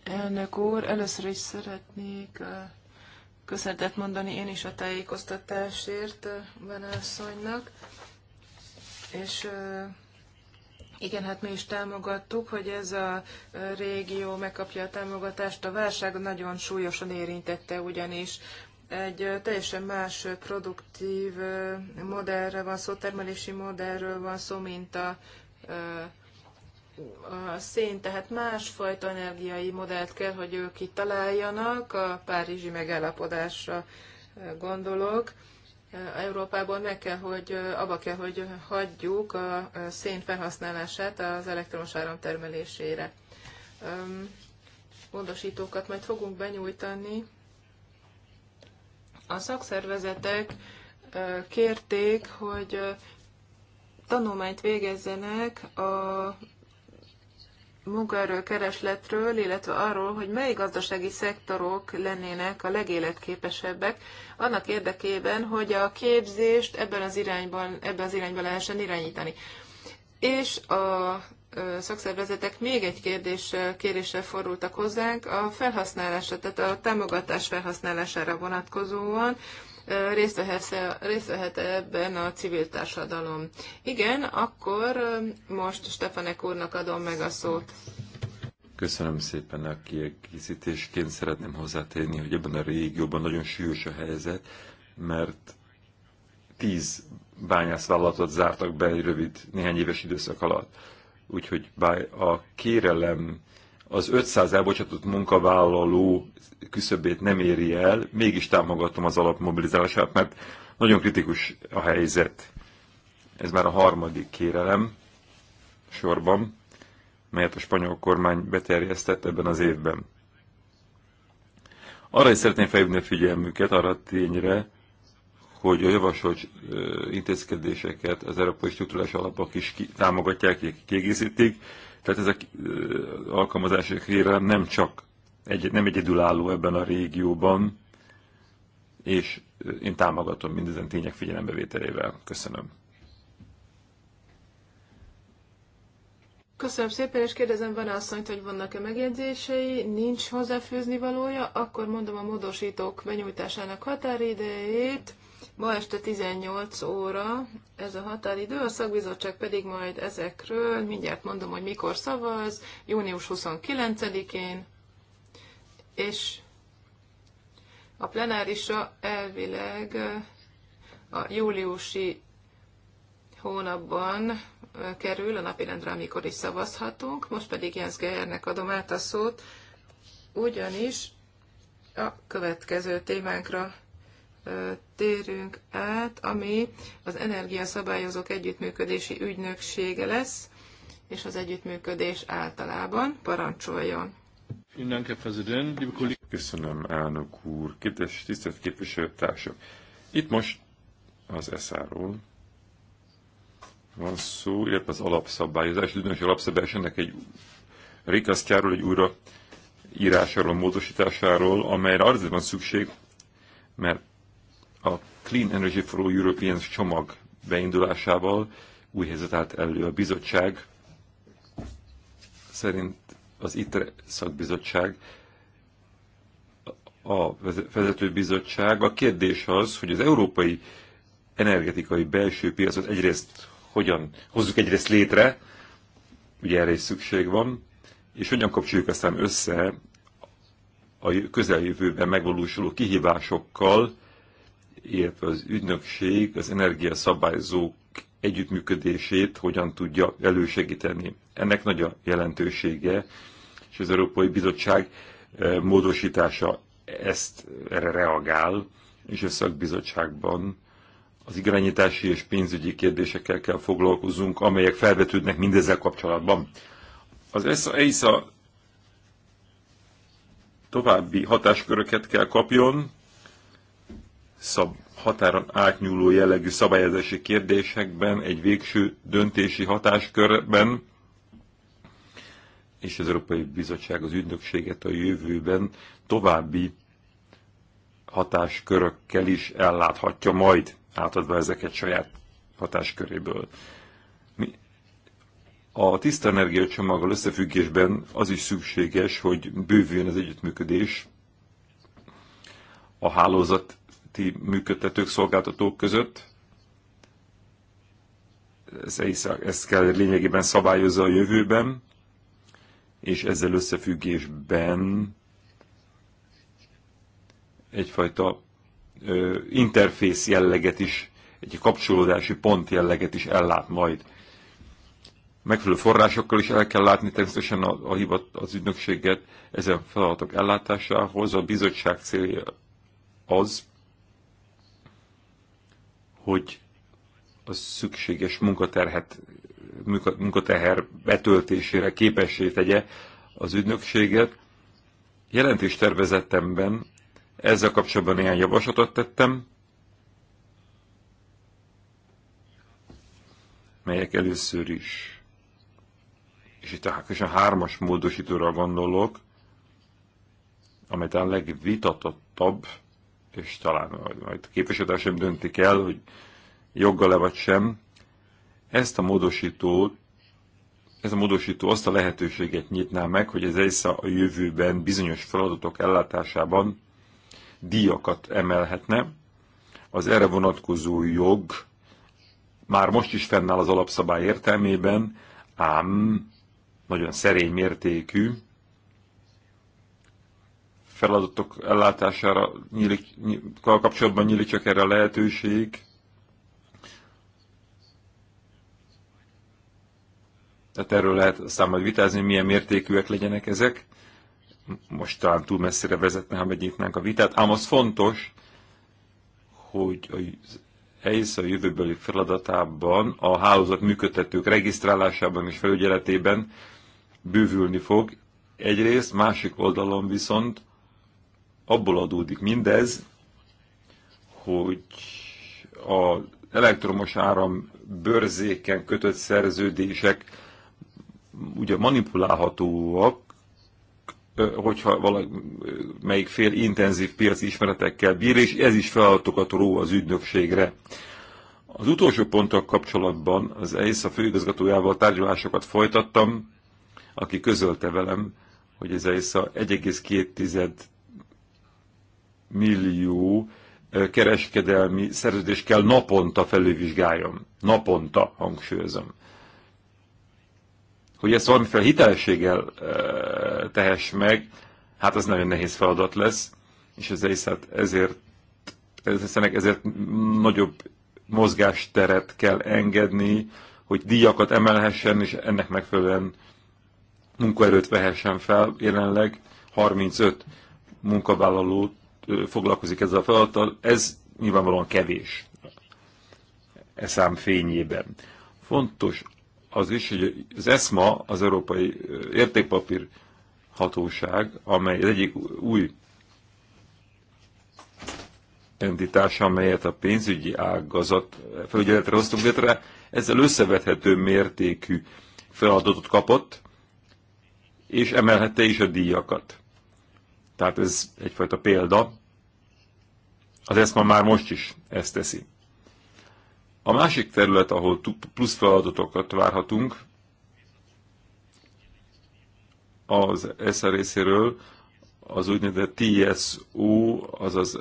Elnök úr, először is szeretnék köszönetet mondani én is a tájékoztatásért Benelszonynak. és igen, hát mi is támogattuk, hogy ez a régió megkapja a támogatást. A válság nagyon súlyosan érintette ugyanis egy teljesen más produktív modellre van szó, termelési modellről van szó, mint a, a szén, tehát másfajta energiai modellt kell, hogy ők itt találjanak a párizsi megállapodásra gondolok, Európában meg kell, hogy abba kell, hogy hagyjuk a szén felhasználását az elektromos áram termelésére. Módosítókat majd fogunk benyújtani. A szakszervezetek kérték, hogy tanulmányt végezzenek a munkaerő keresletről, illetve arról, hogy mely gazdasági szektorok lennének a legéletképesebbek, annak érdekében, hogy a képzést ebben az irányban, ebben az irányban lehessen irányítani. És a szakszervezetek még egy kérdés, kéréssel fordultak hozzánk a felhasználásra, tehát a támogatás felhasználására vonatkozóan, részt vehet -e ebben a civil társadalom. Igen, akkor most Stefanek úrnak adom meg a szót. Köszönöm szépen a kiegészítésként. Szeretném hozzátenni, hogy ebben a régióban nagyon súlyos a helyzet, mert tíz bányászvállalatot zártak be egy rövid, néhány éves időszak alatt. Úgyhogy a kérelem az 500 elbocsátott munkavállaló küszöbét nem éri el, mégis támogatom az alapmobilizálását, mert nagyon kritikus a helyzet. Ez már a harmadik kérelem sorban, melyet a spanyol kormány beterjesztett ebben az évben. Arra is szeretném felhívni a figyelmüket, arra a tényre, hogy a javasolt intézkedéseket az Európai Struktúrás Alapok is támogatják, kiegészítik, tehát ezek alkalmazási kérelem nem csak egy, nem egyedülálló ebben a régióban, és én támogatom mindezen tények figyelembevételével. Köszönöm. Köszönöm szépen, és kérdezem van asszonyt, hogy vannak-e megjegyzései, nincs hozzáfűzni valója, akkor mondom a módosítók benyújtásának határidejét. Ma este 18 óra ez a határidő, a szakbizottság pedig majd ezekről, mindjárt mondom, hogy mikor szavaz, június 29-én, és a plenárisa elvileg a júliusi hónapban kerül a napirendre, amikor is szavazhatunk. Most pedig Jens Geyernek adom át a szót, ugyanis a következő témánkra térünk át, ami az energiaszabályozók együttműködési ügynöksége lesz, és az együttműködés általában parancsoljon. Köszönöm, elnök úr, kedves tisztelt képviselőtársak! Itt most az eszáról van szó, illetve az alapszabályozás, az ügynökség alapszabályozás ennek egy rikasztjáról, egy újra írásáról, módosításáról, amelyre arra van szükség, mert a Clean Energy for All Europeans csomag beindulásával új helyzet állt elő a bizottság. Szerint az ITRE szakbizottság a vezető bizottság A kérdés az, hogy az európai energetikai belső piacot egyrészt hogyan hozzuk egyrészt létre, ugye erre is szükség van, és hogyan kapcsoljuk aztán össze a közeljövőben megvalósuló kihívásokkal, illetve az ügynökség az energiaszabályzók együttműködését hogyan tudja elősegíteni. Ennek nagy a jelentősége, és az Európai Bizottság eh, módosítása ezt erre reagál, és a szakbizottságban az irányítási és pénzügyi kérdésekkel kell foglalkozunk, amelyek felvetődnek mindezzel kapcsolatban. Az ESA további hatásköröket kell kapjon, szab, határon átnyúló jellegű szabályozási kérdésekben, egy végső döntési hatáskörben, és az Európai Bizottság az ügynökséget a jövőben további hatáskörökkel is elláthatja majd, átadva ezeket saját hatásköréből. A tiszta energiacsomaggal összefüggésben az is szükséges, hogy bővüljön az együttműködés a hálózat nemzeti működtetők, szolgáltatók között. Ez, ez kell lényegében szabályozza a jövőben, és ezzel összefüggésben egyfajta ö, interfész jelleget is, egy kapcsolódási pont jelleget is ellát majd. Megfelelő forrásokkal is el kell látni természetesen a, a hivat, az ügynökséget ezen feladatok ellátásához. A bizottság célja az, hogy a szükséges munkaterhet, munkateher betöltésére képessé tegye az ügynökséget. Jelentés tervezetemben ezzel kapcsolatban néhány javaslatot tettem, melyek először is, és itt a, a hármas módosítóra gondolok, amely talán legvitatottabb, és talán majd a képviselőtársam döntik el, hogy joggal-e vagy sem, ezt a módosítót, ez a módosító azt a lehetőséget nyitná meg, hogy az ESZA a jövőben bizonyos feladatok ellátásában díjakat emelhetne. Az erre vonatkozó jog már most is fennáll az alapszabály értelmében, ám nagyon szerény mértékű, feladatok ellátására nyílik, kapcsolatban nyílik csak erre a lehetőség. Tehát erről lehet aztán majd vitázni, milyen mértékűek legyenek ezek. Most talán túl messzire vezetne, ha megnyitnánk a vitát. Ám az fontos, hogy az EISZ a jövőbeli feladatában, a hálózat működtetők regisztrálásában és felügyeletében bővülni fog. Egyrészt, másik oldalon viszont abból adódik mindez, hogy az elektromos áram bőrzéken kötött szerződések ugye manipulálhatóak, hogyha valamelyik fél intenzív piaci ismeretekkel bír, és ez is feladatokat ró az ügynökségre. Az utolsó ponttal kapcsolatban az a főigazgatójával tárgyalásokat folytattam, aki közölte velem, hogy az EISZA 1,2 millió kereskedelmi szerződést kell naponta felülvizsgáljon. Naponta, hangsúlyozom. Hogy ezt valamiféle hitelességgel tehess meg, hát az nagyon nehéz feladat lesz, és az hát ezért, ezért, ezért nagyobb mozgásteret kell engedni, hogy díjakat emelhessen, és ennek megfelelően munkaerőt vehessen fel. Jelenleg 35 munkavállalót foglalkozik ezzel a feladattal, ez nyilvánvalóan kevés e szám fényében. Fontos az is, hogy az ESMA, az Európai Értékpapír Hatóság, amely az egyik új entitás, amelyet a pénzügyi ágazat felügyeletre hoztunk létre, ezzel összevethető mértékű feladatot kapott, és emelhette is a díjakat. Tehát ez egyfajta példa az ma már most is ezt teszi. A másik terület, ahol plusz feladatokat várhatunk, az ESZA részéről az úgynevezett TSO, azaz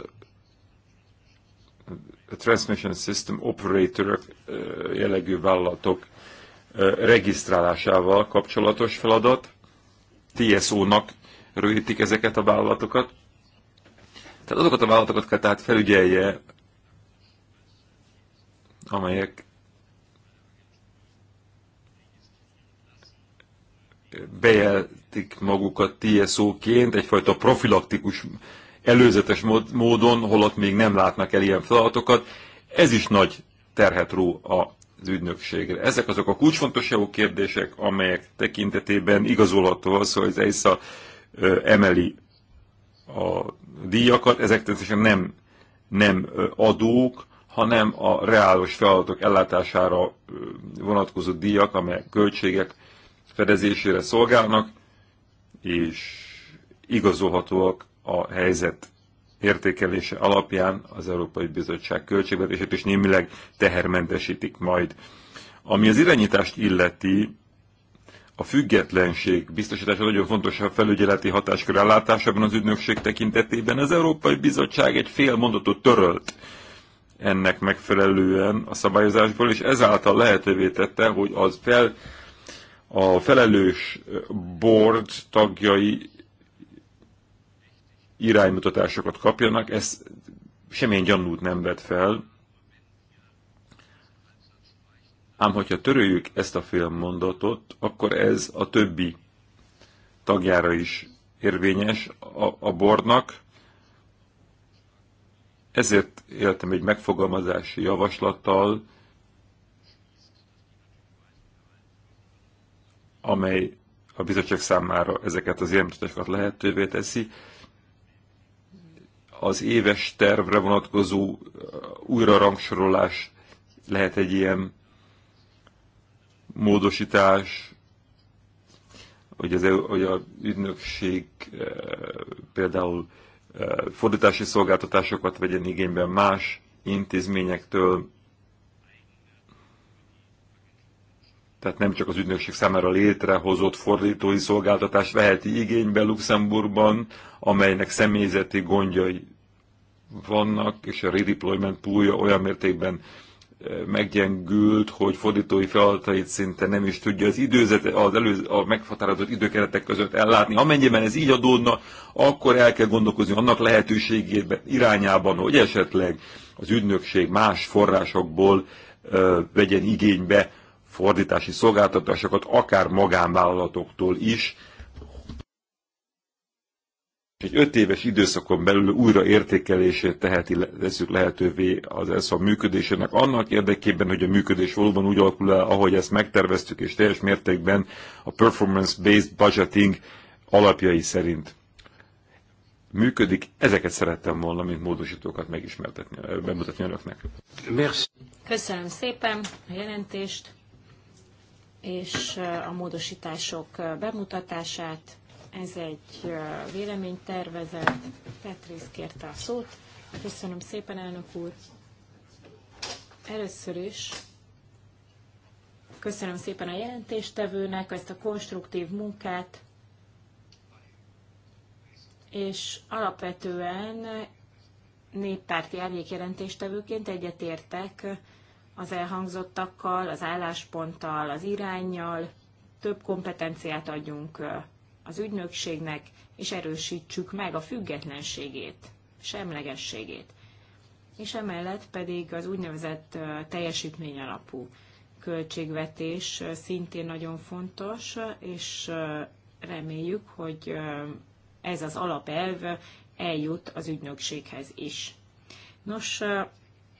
Transmission System Operator jellegű vállalatok regisztrálásával kapcsolatos feladat. TSO-nak rövidítik ezeket a vállalatokat. Tehát azokat a vállalatokat kell tehát felügyelje, amelyek bejeltik magukat TSO-ként egyfajta profilaktikus, előzetes módon, holott még nem látnak el ilyen feladatokat. Ez is nagy terhet ró az ügynökségre. Ezek azok a kulcsfontosságú kérdések, amelyek tekintetében igazolható az, hogy az ESA emeli a díjakat, ezek természetesen nem, nem adók, hanem a reálos feladatok ellátására vonatkozó díjak, amelyek költségek fedezésére szolgálnak, és igazolhatóak a helyzet értékelése alapján az Európai Bizottság költségvetését, és némileg tehermentesítik majd. Ami az irányítást illeti, a függetlenség biztosítása nagyon fontos a felügyeleti hatáskör ellátásában az ügynökség tekintetében. Az Európai Bizottság egy fél mondatot törölt ennek megfelelően a szabályozásból, és ezáltal lehetővé tette, hogy az fel, a felelős board tagjai iránymutatásokat kapjanak, ez semmilyen gyanút nem vett fel, Ám hogyha töröljük ezt a mondatot, akkor ez a többi tagjára is érvényes a, a bornak. Ezért éltem egy megfogalmazási javaslattal, amely a bizottság számára ezeket az iránymutatásokat lehetővé teszi. Az éves tervre vonatkozó rangsorolás lehet egy ilyen módosítás, hogy, az, hogy a ügynökség eh, például eh, fordítási szolgáltatásokat vegyen igénybe más intézményektől, tehát nem csak az ügynökség számára létrehozott fordítói szolgáltatást veheti igénybe Luxemburgban, amelynek személyzeti gondjai vannak, és a redeployment poolja olyan mértékben meggyengült, hogy fordítói feladatait szinte nem is tudja az időzet, az előző, a meghatározott időkeretek között ellátni. Amennyiben ez így adódna, akkor el kell gondolkozni annak lehetőségében, irányában, hogy esetleg az ügynökség más forrásokból ö, vegyen igénybe fordítási szolgáltatásokat, akár magánvállalatoktól is, egy öt éves időszakon belül újra értékelését teheti, leszük lehetővé az ESZA működésének annak érdekében, hogy a működés valóban úgy alakul el, ahogy ezt megterveztük, és teljes mértékben a performance-based budgeting alapjai szerint működik. Ezeket szerettem volna, mint módosítókat megismertetni, bemutatni önöknek. Köszönöm szépen a jelentést és a módosítások bemutatását ez egy véleménytervezet. Petris kérte a szót. Köszönöm szépen, elnök úr. Először is köszönöm szépen a jelentéstevőnek ezt a konstruktív munkát, és alapvetően néppárti árnyékjelentéstevőként egyetértek az elhangzottakkal, az állásponttal, az irányjal, több kompetenciát adjunk az ügynökségnek, és erősítsük meg a függetlenségét, semlegességét. És emellett pedig az úgynevezett teljesítmény alapú költségvetés szintén nagyon fontos, és reméljük, hogy ez az alapelv eljut az ügynökséghez is. Nos,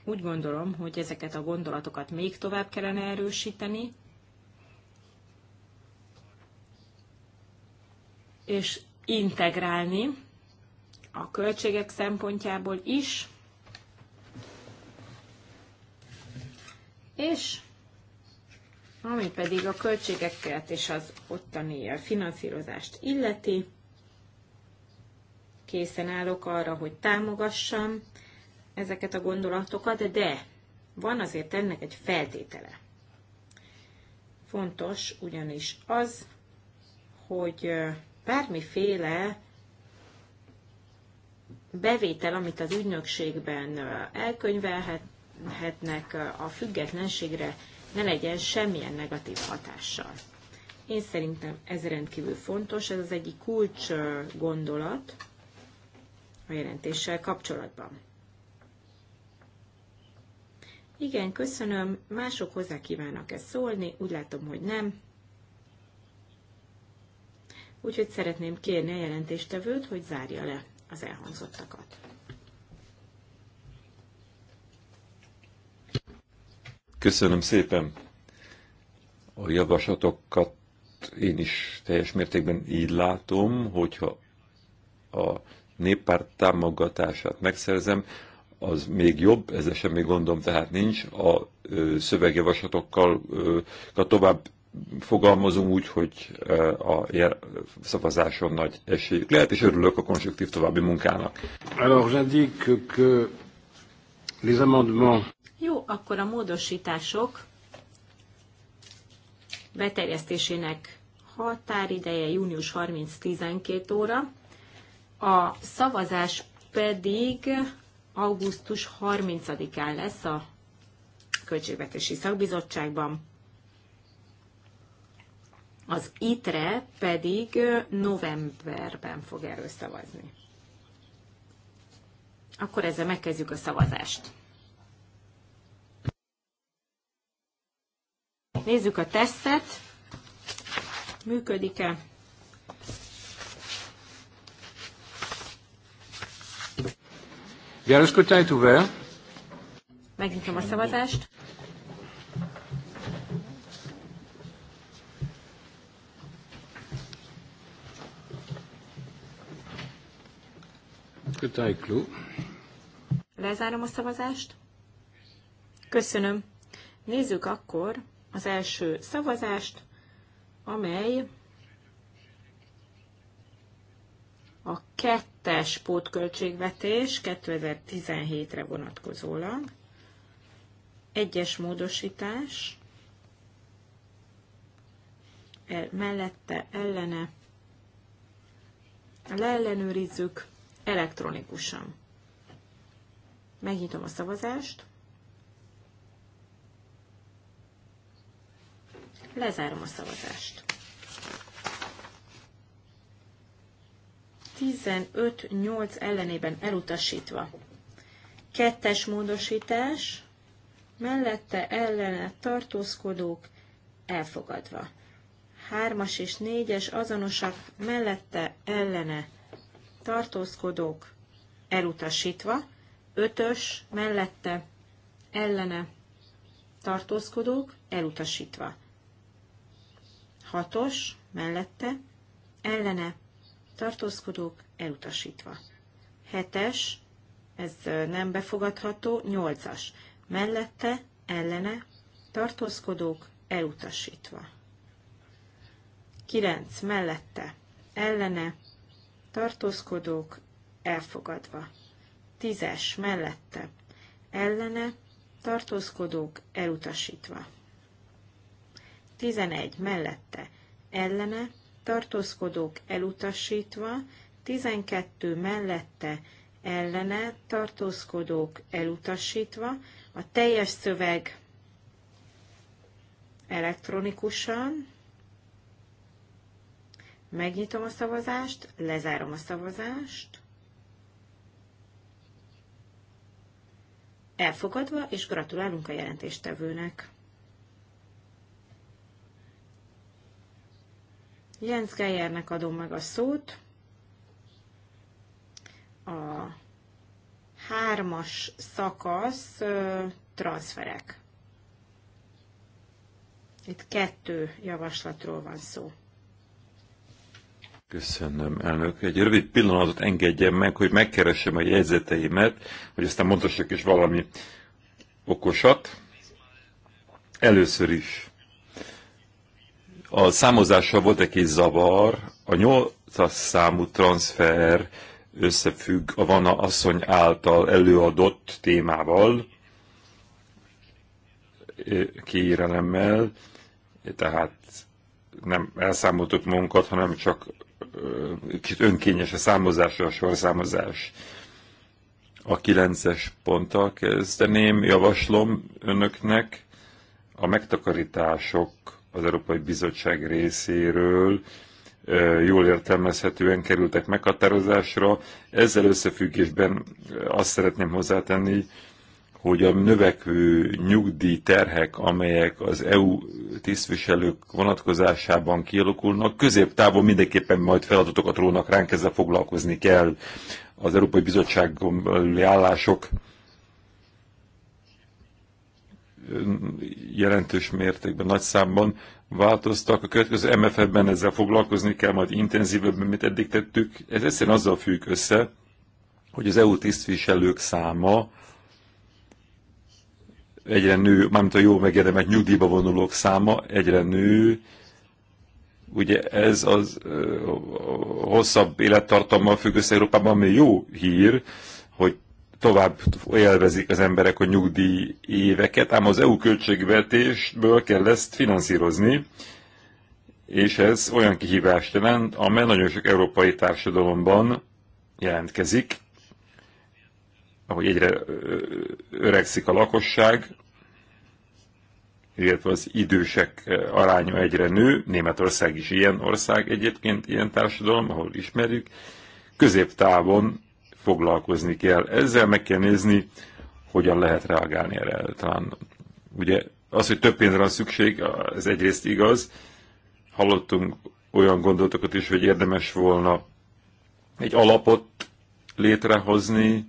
úgy gondolom, hogy ezeket a gondolatokat még tovább kellene erősíteni, és integrálni a költségek szempontjából is. És ami pedig a költségeket és az ottani finanszírozást illeti, készen állok arra, hogy támogassam ezeket a gondolatokat, de van azért ennek egy feltétele. Fontos ugyanis az, hogy bármiféle bevétel, amit az ügynökségben elkönyvelhetnek, a függetlenségre ne legyen semmilyen negatív hatással. Én szerintem ez rendkívül fontos, ez az egyik kulcs gondolat a jelentéssel kapcsolatban. Igen, köszönöm. Mások hozzá kívánnak ezt szólni, úgy látom, hogy nem úgyhogy szeretném kérni a jelentéstevőt, hogy zárja le az elhangzottakat. Köszönöm szépen a javaslatokat. Én is teljes mértékben így látom, hogyha a néppárt támogatását megszerzem, az még jobb, ezzel semmi gondom tehát nincs. A szövegjavaslatokkal a tovább fogalmazom úgy, hogy e, a szavazáson nagy esélyük lehet, és örülök a konstruktív további munkának. Alors j'indique que les amendements... Jó, akkor a módosítások beterjesztésének határideje június 30-12 óra, a szavazás pedig augusztus 30-án lesz a Költségvetési Szakbizottságban az ITRE pedig novemberben fog erről szavazni. Akkor ezzel megkezdjük a szavazást. Nézzük a tesztet. Működik-e? Bien, le scrutin est ouvert. Megnyitom a szavazást. Lezárom a szavazást. Köszönöm. Nézzük akkor az első szavazást, amely a kettes pótköltségvetés 2017-re vonatkozólag, egyes módosítás, e, mellette ellene leellenőrizzük, elektronikusan. Megnyitom a szavazást. Lezárom a szavazást. 15-8 ellenében elutasítva. Kettes módosítás, mellette ellene tartózkodók elfogadva. Hármas és négyes azonosak, mellette ellene tartózkodók elutasítva, ötös mellette ellene tartózkodók elutasítva, hatos mellette ellene tartózkodók elutasítva, hetes, ez nem befogadható, nyolcas mellette ellene tartózkodók elutasítva. 9. Mellette, ellene, tartózkodók elfogadva. Tízes mellette ellene tartózkodók elutasítva. Tizenegy mellette ellene tartózkodók elutasítva. Tizenkettő mellette ellene tartózkodók elutasítva. A teljes szöveg elektronikusan Megnyitom a szavazást, lezárom a szavazást. Elfogadva, és gratulálunk a jelentéstevőnek. Jens Geyernek adom meg a szót. A hármas szakasz transferek. Itt kettő javaslatról van szó. Köszönöm, elnök. Egy rövid pillanatot engedjem meg, hogy megkeressem a jegyzeteimet, hogy aztán mondhassak is valami okosat. Először is. A számozással volt egy kis zavar. A nyolcas számú transfer összefügg a Vana asszony által előadott témával, e, kiírelemmel, tehát nem elszámoltuk magunkat, hanem csak önkényes a számozás, a sorszámozás. A kilences ponttal kezdeném, javaslom önöknek a megtakarítások az Európai Bizottság részéről jól értelmezhetően kerültek meghatározásra. Ezzel összefüggésben azt szeretném hozzátenni, hogy a növekvő nyugdíjterhek, amelyek az EU tisztviselők vonatkozásában kialakulnak, középtávon mindenképpen majd feladatokat rónak ránk, ezzel foglalkozni kell az Európai Bizottság belüli állások jelentős mértékben, nagy számban változtak. A következő MFF-ben ezzel foglalkozni kell, majd intenzívebben, mint eddig tettük. Ez egyszerűen azzal függ össze, hogy az EU tisztviselők száma egyre nő, mármint a jó megérdemelt nyugdíjba vonulók száma egyre nő, ugye ez az ö, hosszabb élettartammal függ össze Európában, ami jó hír, hogy tovább élvezik az emberek a nyugdíj éveket, ám az EU költségvetésből kell ezt finanszírozni, és ez olyan kihívást jelent, amely nagyon sok európai társadalomban jelentkezik, ahogy egyre öregszik a lakosság, illetve az idősek aránya egyre nő, Németország is ilyen ország egyébként, ilyen társadalom, ahol ismerjük, középtávon foglalkozni kell. Ezzel meg kell nézni, hogyan lehet reagálni erre. Talán ugye az, hogy több pénzre van szükség, ez egyrészt igaz. Hallottunk olyan gondolatokat is, hogy érdemes volna egy alapot létrehozni,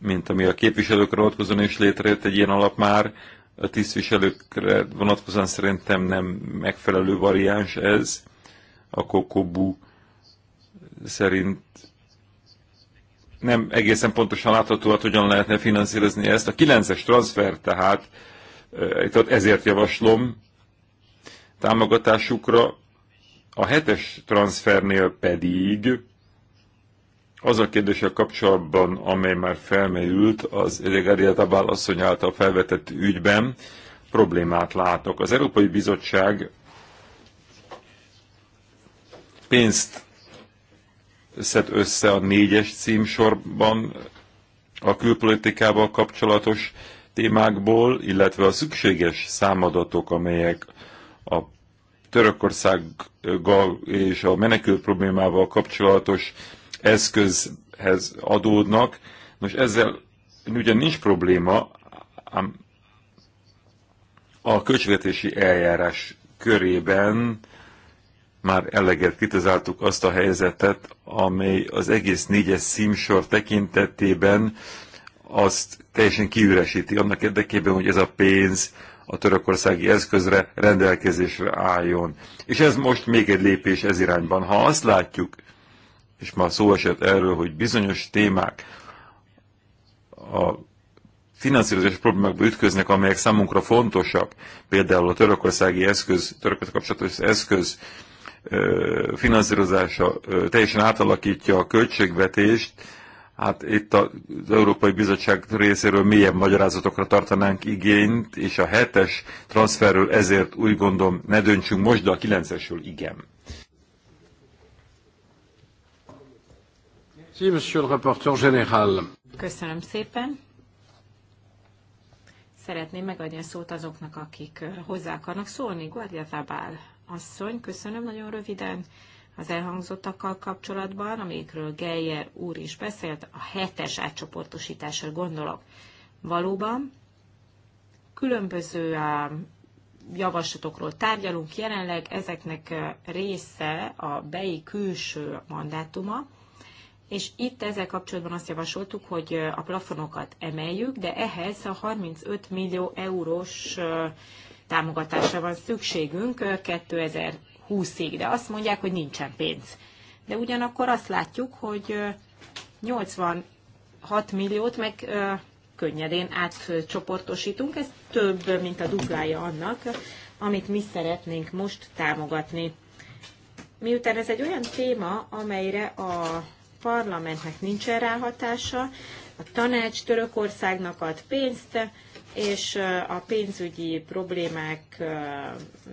mint ami a képviselőkre vonatkozóan is létrejött egy ilyen alap már, a tisztviselőkre vonatkozóan szerintem nem megfelelő variáns ez. A Kokobu szerint nem egészen pontosan látható, hogy hogyan lehetne finanszírozni ezt. A 9-es transfer tehát, eh, ezért javaslom támogatásukra, a 7-es transfernél pedig az a a kapcsolatban, amely már felmerült az Edegariát válaszony által felvetett ügyben, problémát látok. Az Európai Bizottság pénzt szed össze a négyes címsorban a külpolitikával kapcsolatos témákból, illetve a szükséges számadatok, amelyek a Törökországgal és a menekült problémával kapcsolatos eszközhez adódnak. Most ezzel ugye nincs probléma, ám a költségvetési eljárás körében már eleget kritizáltuk azt a helyzetet, amely az egész négyes szímsor tekintetében azt teljesen kiüresíti annak érdekében, hogy ez a pénz a törökországi eszközre rendelkezésre álljon. És ez most még egy lépés ez irányban. Ha azt látjuk, és már szó esett erről, hogy bizonyos témák a finanszírozás problémákba ütköznek, amelyek számunkra fontosak, például a törökországi eszköz, törököt kapcsolatos eszköz finanszírozása teljesen átalakítja a költségvetést, hát itt az Európai Bizottság részéről mélyebb magyarázatokra tartanánk igényt, és a hetes transferről ezért úgy gondolom, ne döntsünk most, de a kilencesről igen. monsieur le rapporteur général. Köszönöm szépen. Szeretném megadni a szót azoknak, akik hozzá akarnak szólni. Guardia Zabal asszony, köszönöm nagyon röviden az elhangzottakkal kapcsolatban, amikről Geyer úr is beszélt, a hetes átcsoportosításra gondolok. Valóban különböző javaslatokról tárgyalunk jelenleg, ezeknek része a BEI külső mandátuma, és itt ezzel kapcsolatban azt javasoltuk, hogy a plafonokat emeljük, de ehhez a 35 millió eurós támogatásra van szükségünk 2020-ig, de azt mondják, hogy nincsen pénz. De ugyanakkor azt látjuk, hogy 86 milliót meg könnyedén átcsoportosítunk, ez több, mint a duplája annak, amit mi szeretnénk most támogatni. Miután ez egy olyan téma, amelyre a parlamentnek nincs erre hatása, a tanács Törökországnak ad pénzt, és a pénzügyi problémák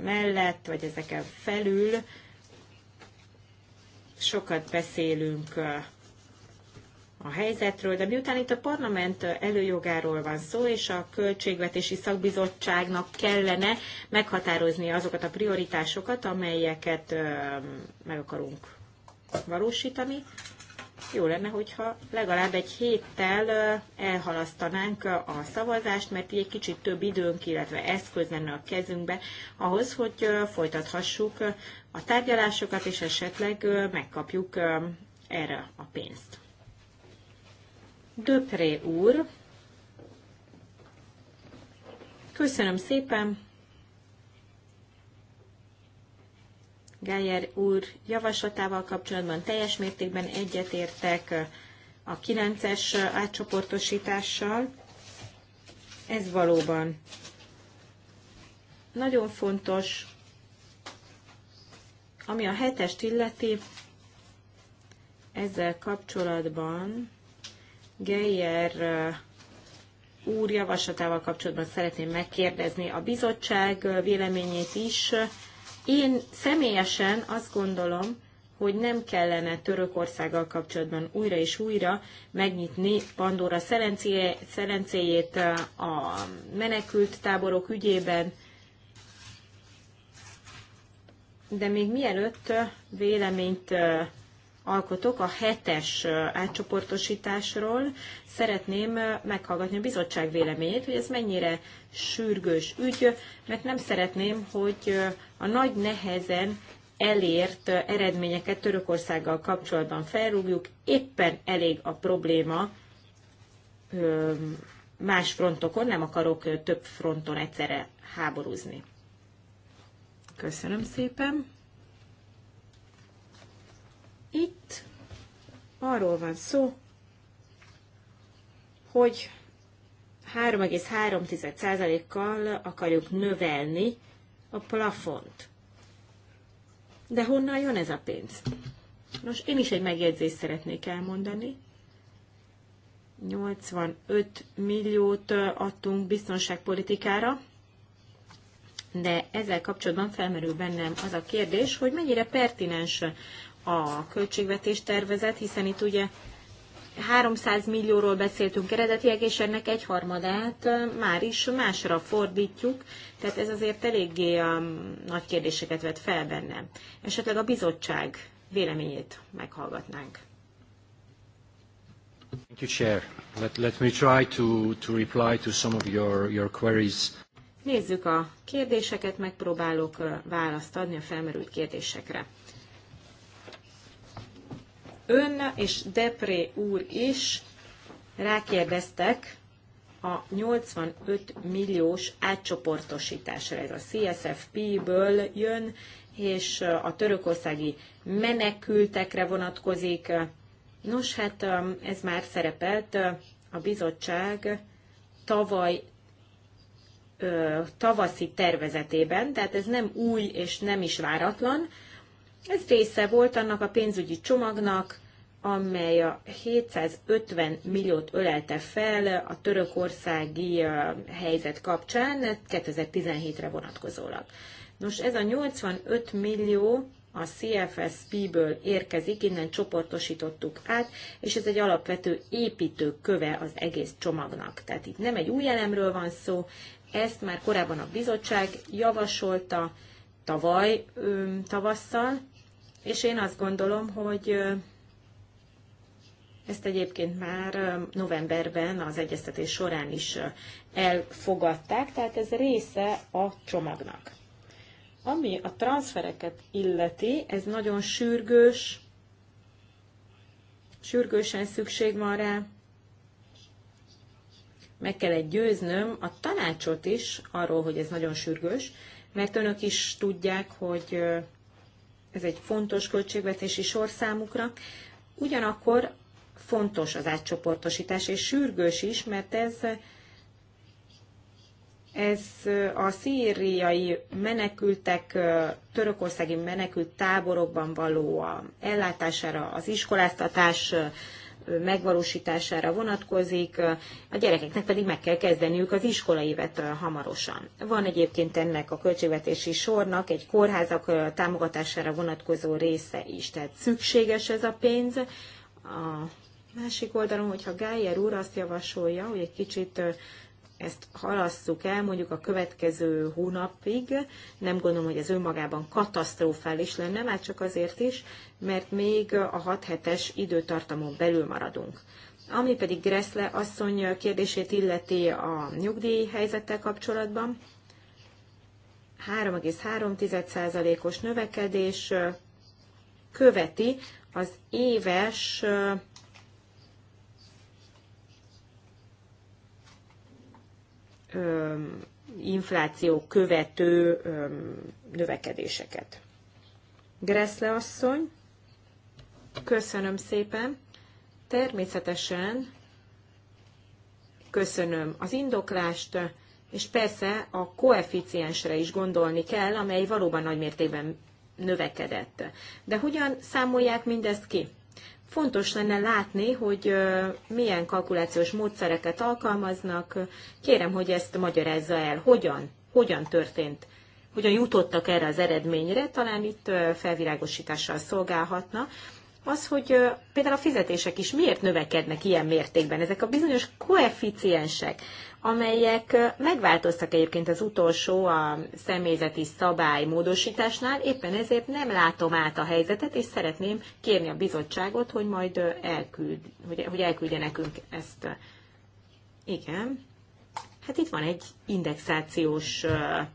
mellett, vagy ezeken felül sokat beszélünk a helyzetről, de miután itt a parlament előjogáról van szó, és a Költségvetési Szakbizottságnak kellene meghatározni azokat a prioritásokat, amelyeket meg akarunk valósítani, jó lenne, hogyha legalább egy héttel elhalasztanánk a szavazást, mert így egy kicsit több időnk, illetve eszköz lenne a kezünkbe ahhoz, hogy folytathassuk a tárgyalásokat, és esetleg megkapjuk erre a pénzt. Döpré úr, köszönöm szépen! Geyer úr javaslatával kapcsolatban teljes mértékben egyetértek eh, a 9-es eh, átcsoportosítással. Ez valóban nagyon fontos, ami a hetest illeti, ezzel kapcsolatban Geyer eh, úr javaslatával kapcsolatban szeretném megkérdezni a bizottság véleményét is, én személyesen azt gondolom, hogy nem kellene Törökországgal kapcsolatban újra és újra megnyitni Pandora szerencéjét a menekült táborok ügyében, de még mielőtt véleményt alkotok a hetes átcsoportosításról, szeretném meghallgatni a bizottság véleményét, hogy ez mennyire sürgős ügy, mert nem szeretném, hogy a nagy nehezen elért eredményeket Törökországgal kapcsolatban felrúgjuk, éppen elég a probléma más frontokon, nem akarok több fronton egyszerre háborúzni. Köszönöm szépen. Itt arról van szó, hogy 3,3%-kal akarjuk növelni a plafont. De honnan jön ez a pénz? Nos, én is egy megjegyzést szeretnék elmondani. 85 milliót adtunk biztonságpolitikára, de ezzel kapcsolatban felmerül bennem az a kérdés, hogy mennyire pertinens a költségvetés tervezet, hiszen itt ugye 300 millióról beszéltünk eredetileg, és ennek egy harmadát már is másra fordítjuk, tehát ez azért eléggé a nagy kérdéseket vet fel bennem. Esetleg a bizottság véleményét meghallgatnánk. Thank you, Chair. Let, let me try to, to reply to some of your, your queries. Nézzük a kérdéseket, megpróbálok választ adni a felmerült kérdésekre ön és Depré úr is rákérdeztek a 85 milliós átcsoportosításra. Ez a CSFP-ből jön, és uh, a törökországi menekültekre vonatkozik. Nos, hát um, ez már szerepelt uh, a bizottság tavaly uh, tavaszi tervezetében, tehát ez nem új és nem is váratlan. Ez része volt annak a pénzügyi csomagnak, amely a 750 milliót ölelte fel a törökországi helyzet kapcsán 2017-re vonatkozólag. Nos, ez a 85 millió a CFSP-ből érkezik, innen csoportosítottuk át, és ez egy alapvető építőköve az egész csomagnak. Tehát itt nem egy új elemről van szó, ezt már korábban a bizottság javasolta tavaly tavasszal, és én azt gondolom, hogy ezt egyébként már novemberben az egyeztetés során is elfogadták, tehát ez része a csomagnak. Ami a transfereket illeti, ez nagyon sürgős, sürgősen szükség van rá, meg kellett győznöm a tanácsot is arról, hogy ez nagyon sürgős, mert önök is tudják, hogy ez egy fontos költségvetési sor számukra. Ugyanakkor fontos az átcsoportosítás, és sürgős is, mert ez, ez a szíriai menekültek, törökországi menekült táborokban való a ellátására, az iskoláztatás megvalósítására vonatkozik, a gyerekeknek pedig meg kell kezdeniük az iskolaévet hamarosan. Van egyébként ennek a költségvetési sornak egy kórházak támogatására vonatkozó része is, tehát szükséges ez a pénz, a Másik oldalon, hogyha Gájer úr azt javasolja, hogy egy kicsit ezt halasszuk el mondjuk a következő hónapig, nem gondolom, hogy ez önmagában katasztrofális lenne, már csak azért is, mert még a 6 hetes időtartamon belül maradunk. Ami pedig Gressle asszony kérdését illeti a nyugdíj helyzettel kapcsolatban, 3,3%-os növekedés követi az éves infláció követő növekedéseket. Greszle asszony, köszönöm szépen. Természetesen köszönöm az indoklást, és persze a koeficiensre is gondolni kell, amely valóban nagymértékben növekedett. De hogyan számolják mindezt ki? Fontos lenne látni, hogy milyen kalkulációs módszereket alkalmaznak. Kérem, hogy ezt magyarázza el, hogyan, hogyan történt, hogyan jutottak erre az eredményre, talán itt felvilágosítással szolgálhatna az, hogy például a fizetések is miért növekednek ilyen mértékben, ezek a bizonyos koeficiensek, amelyek megváltoztak egyébként az utolsó a személyzeti szabály módosításnál, éppen ezért nem látom át a helyzetet, és szeretném kérni a bizottságot, hogy majd elküld, hogy, hogy elküldje nekünk ezt. Igen. Hát itt van egy indexációs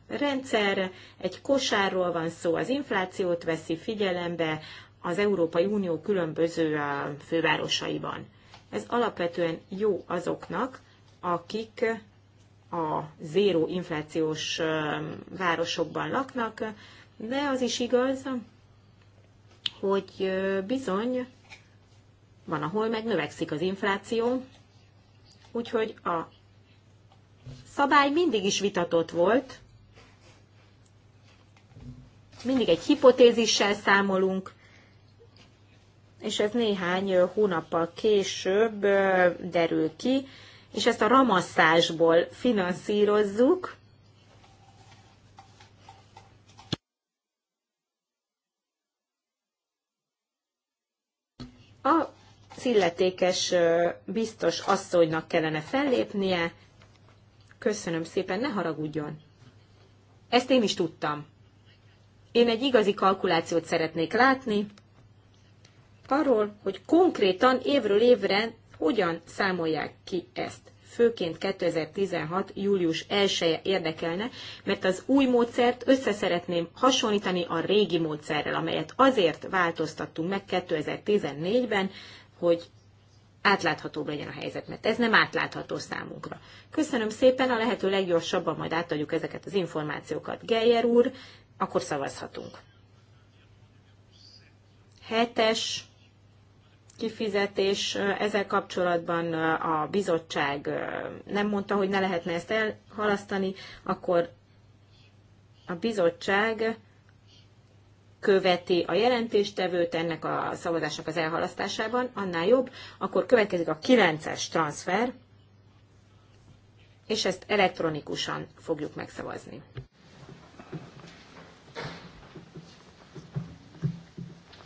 rendszer, egy kosárról van szó, az inflációt veszi figyelembe az Európai Unió különböző fővárosaiban. Ez alapvetően jó azoknak, akik a zéró inflációs városokban laknak, de az is igaz, hogy bizony van, ahol meg növekszik az infláció, úgyhogy a szabály mindig is vitatott volt, mindig egy hipotézissel számolunk, és ez néhány hónappal később derül ki, és ezt a ramasszásból finanszírozzuk, a illetékes biztos asszonynak kellene fellépnie. Köszönöm szépen, ne haragudjon. Ezt én is tudtam. Én egy igazi kalkulációt szeretnék látni, arról, hogy konkrétan évről évre hogyan számolják ki ezt? főként 2016. július 1 -e érdekelne, mert az új módszert összeszeretném hasonlítani a régi módszerrel, amelyet azért változtattunk meg 2014-ben, hogy átláthatóbb legyen a helyzet, mert ez nem átlátható számunkra. Köszönöm szépen, a lehető leggyorsabban majd átadjuk ezeket az információkat. Geyer úr, akkor szavazhatunk. Hetes kifizetés. Ezzel kapcsolatban a bizottság nem mondta, hogy ne lehetne ezt elhalasztani, akkor a bizottság követi a jelentéstevőt ennek a szavazásnak az elhalasztásában, annál jobb, akkor következik a 9-es transfer, és ezt elektronikusan fogjuk megszavazni.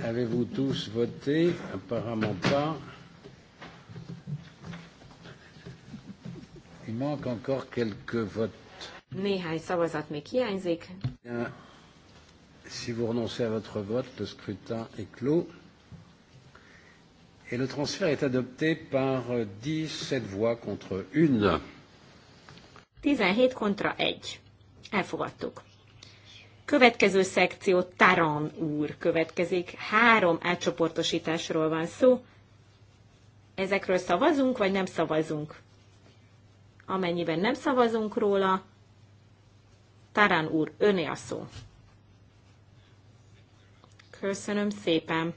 Avez-vous tous voté Apparemment pas. Il manque encore quelques votes. Néhány szavazat még hiányzik. Bien. Si vous renoncez à votre vote, le scrutin est clos. Et le transfert est adopté par 17 voix contre 1. 17 contre 1. Elfogadtuk. Következő szekció Taran úr következik. Három átcsoportosításról van szó. Ezekről szavazunk, vagy nem szavazunk? Amennyiben nem szavazunk róla, Tarán úr, öné a szó. Köszönöm szépen.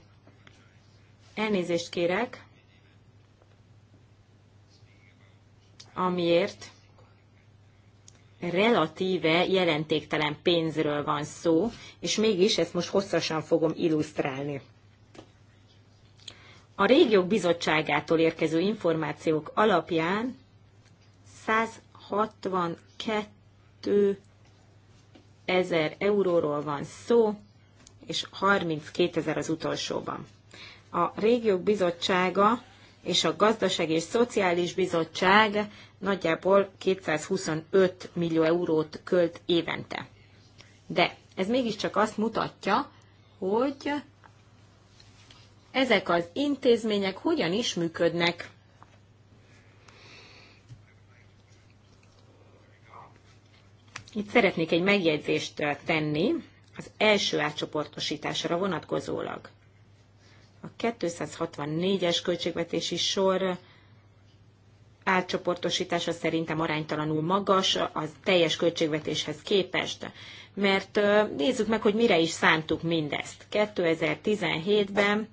Elnézést kérek, amiért relatíve jelentéktelen pénzről van szó, és mégis ezt most hosszasan fogom illusztrálni. A régiók bizottságától érkező információk alapján 162 ezer euróról van szó, és 32 ezer az utolsóban. A régiók bizottsága és a Gazdasági és Szociális Bizottság nagyjából 225 millió eurót költ évente. De ez mégiscsak azt mutatja, hogy ezek az intézmények hogyan is működnek. Itt szeretnék egy megjegyzést tenni az első átcsoportosításra vonatkozólag a 264-es költségvetési sor átcsoportosítása szerintem aránytalanul magas az teljes költségvetéshez képest. Mert nézzük meg, hogy mire is szántuk mindezt. 2017-ben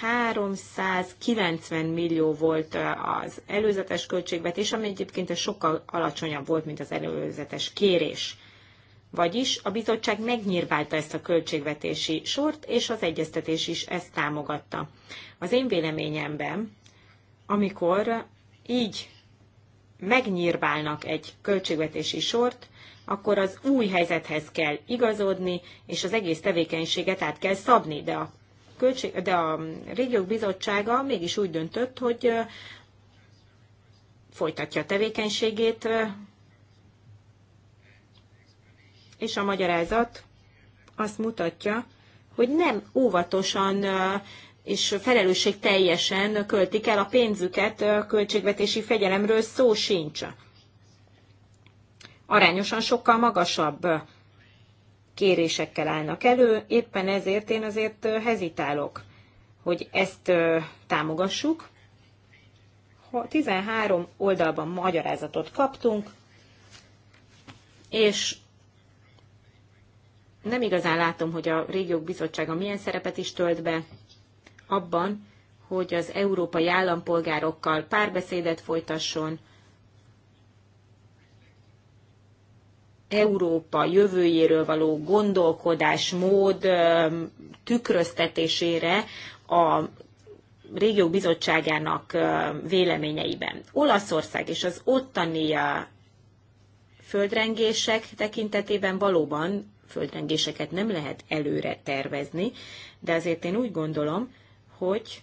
390 millió volt az előzetes költségvetés, ami egyébként sokkal alacsonyabb volt, mint az előzetes kérés. Vagyis a bizottság megnyírválta ezt a költségvetési sort, és az egyeztetés is ezt támogatta. Az én véleményemben, amikor így megnyírválnak egy költségvetési sort, akkor az új helyzethez kell igazodni, és az egész tevékenységet át kell szabni. De a, költség, de a régiók bizottsága mégis úgy döntött, hogy folytatja a tevékenységét és a magyarázat azt mutatja, hogy nem óvatosan és felelősség teljesen költik el a pénzüket, költségvetési fegyelemről szó sincs. Arányosan sokkal magasabb kérésekkel állnak elő, éppen ezért én azért hezitálok, hogy ezt támogassuk. 13 oldalban magyarázatot kaptunk, és nem igazán látom, hogy a régiók bizottsága milyen szerepet is tölt be abban, hogy az európai állampolgárokkal párbeszédet folytasson, Európa jövőjéről való gondolkodás, mód tükröztetésére a régiók bizottságának véleményeiben. Olaszország és az ottani földrengések tekintetében valóban földrengéseket nem lehet előre tervezni, de azért én úgy gondolom, hogy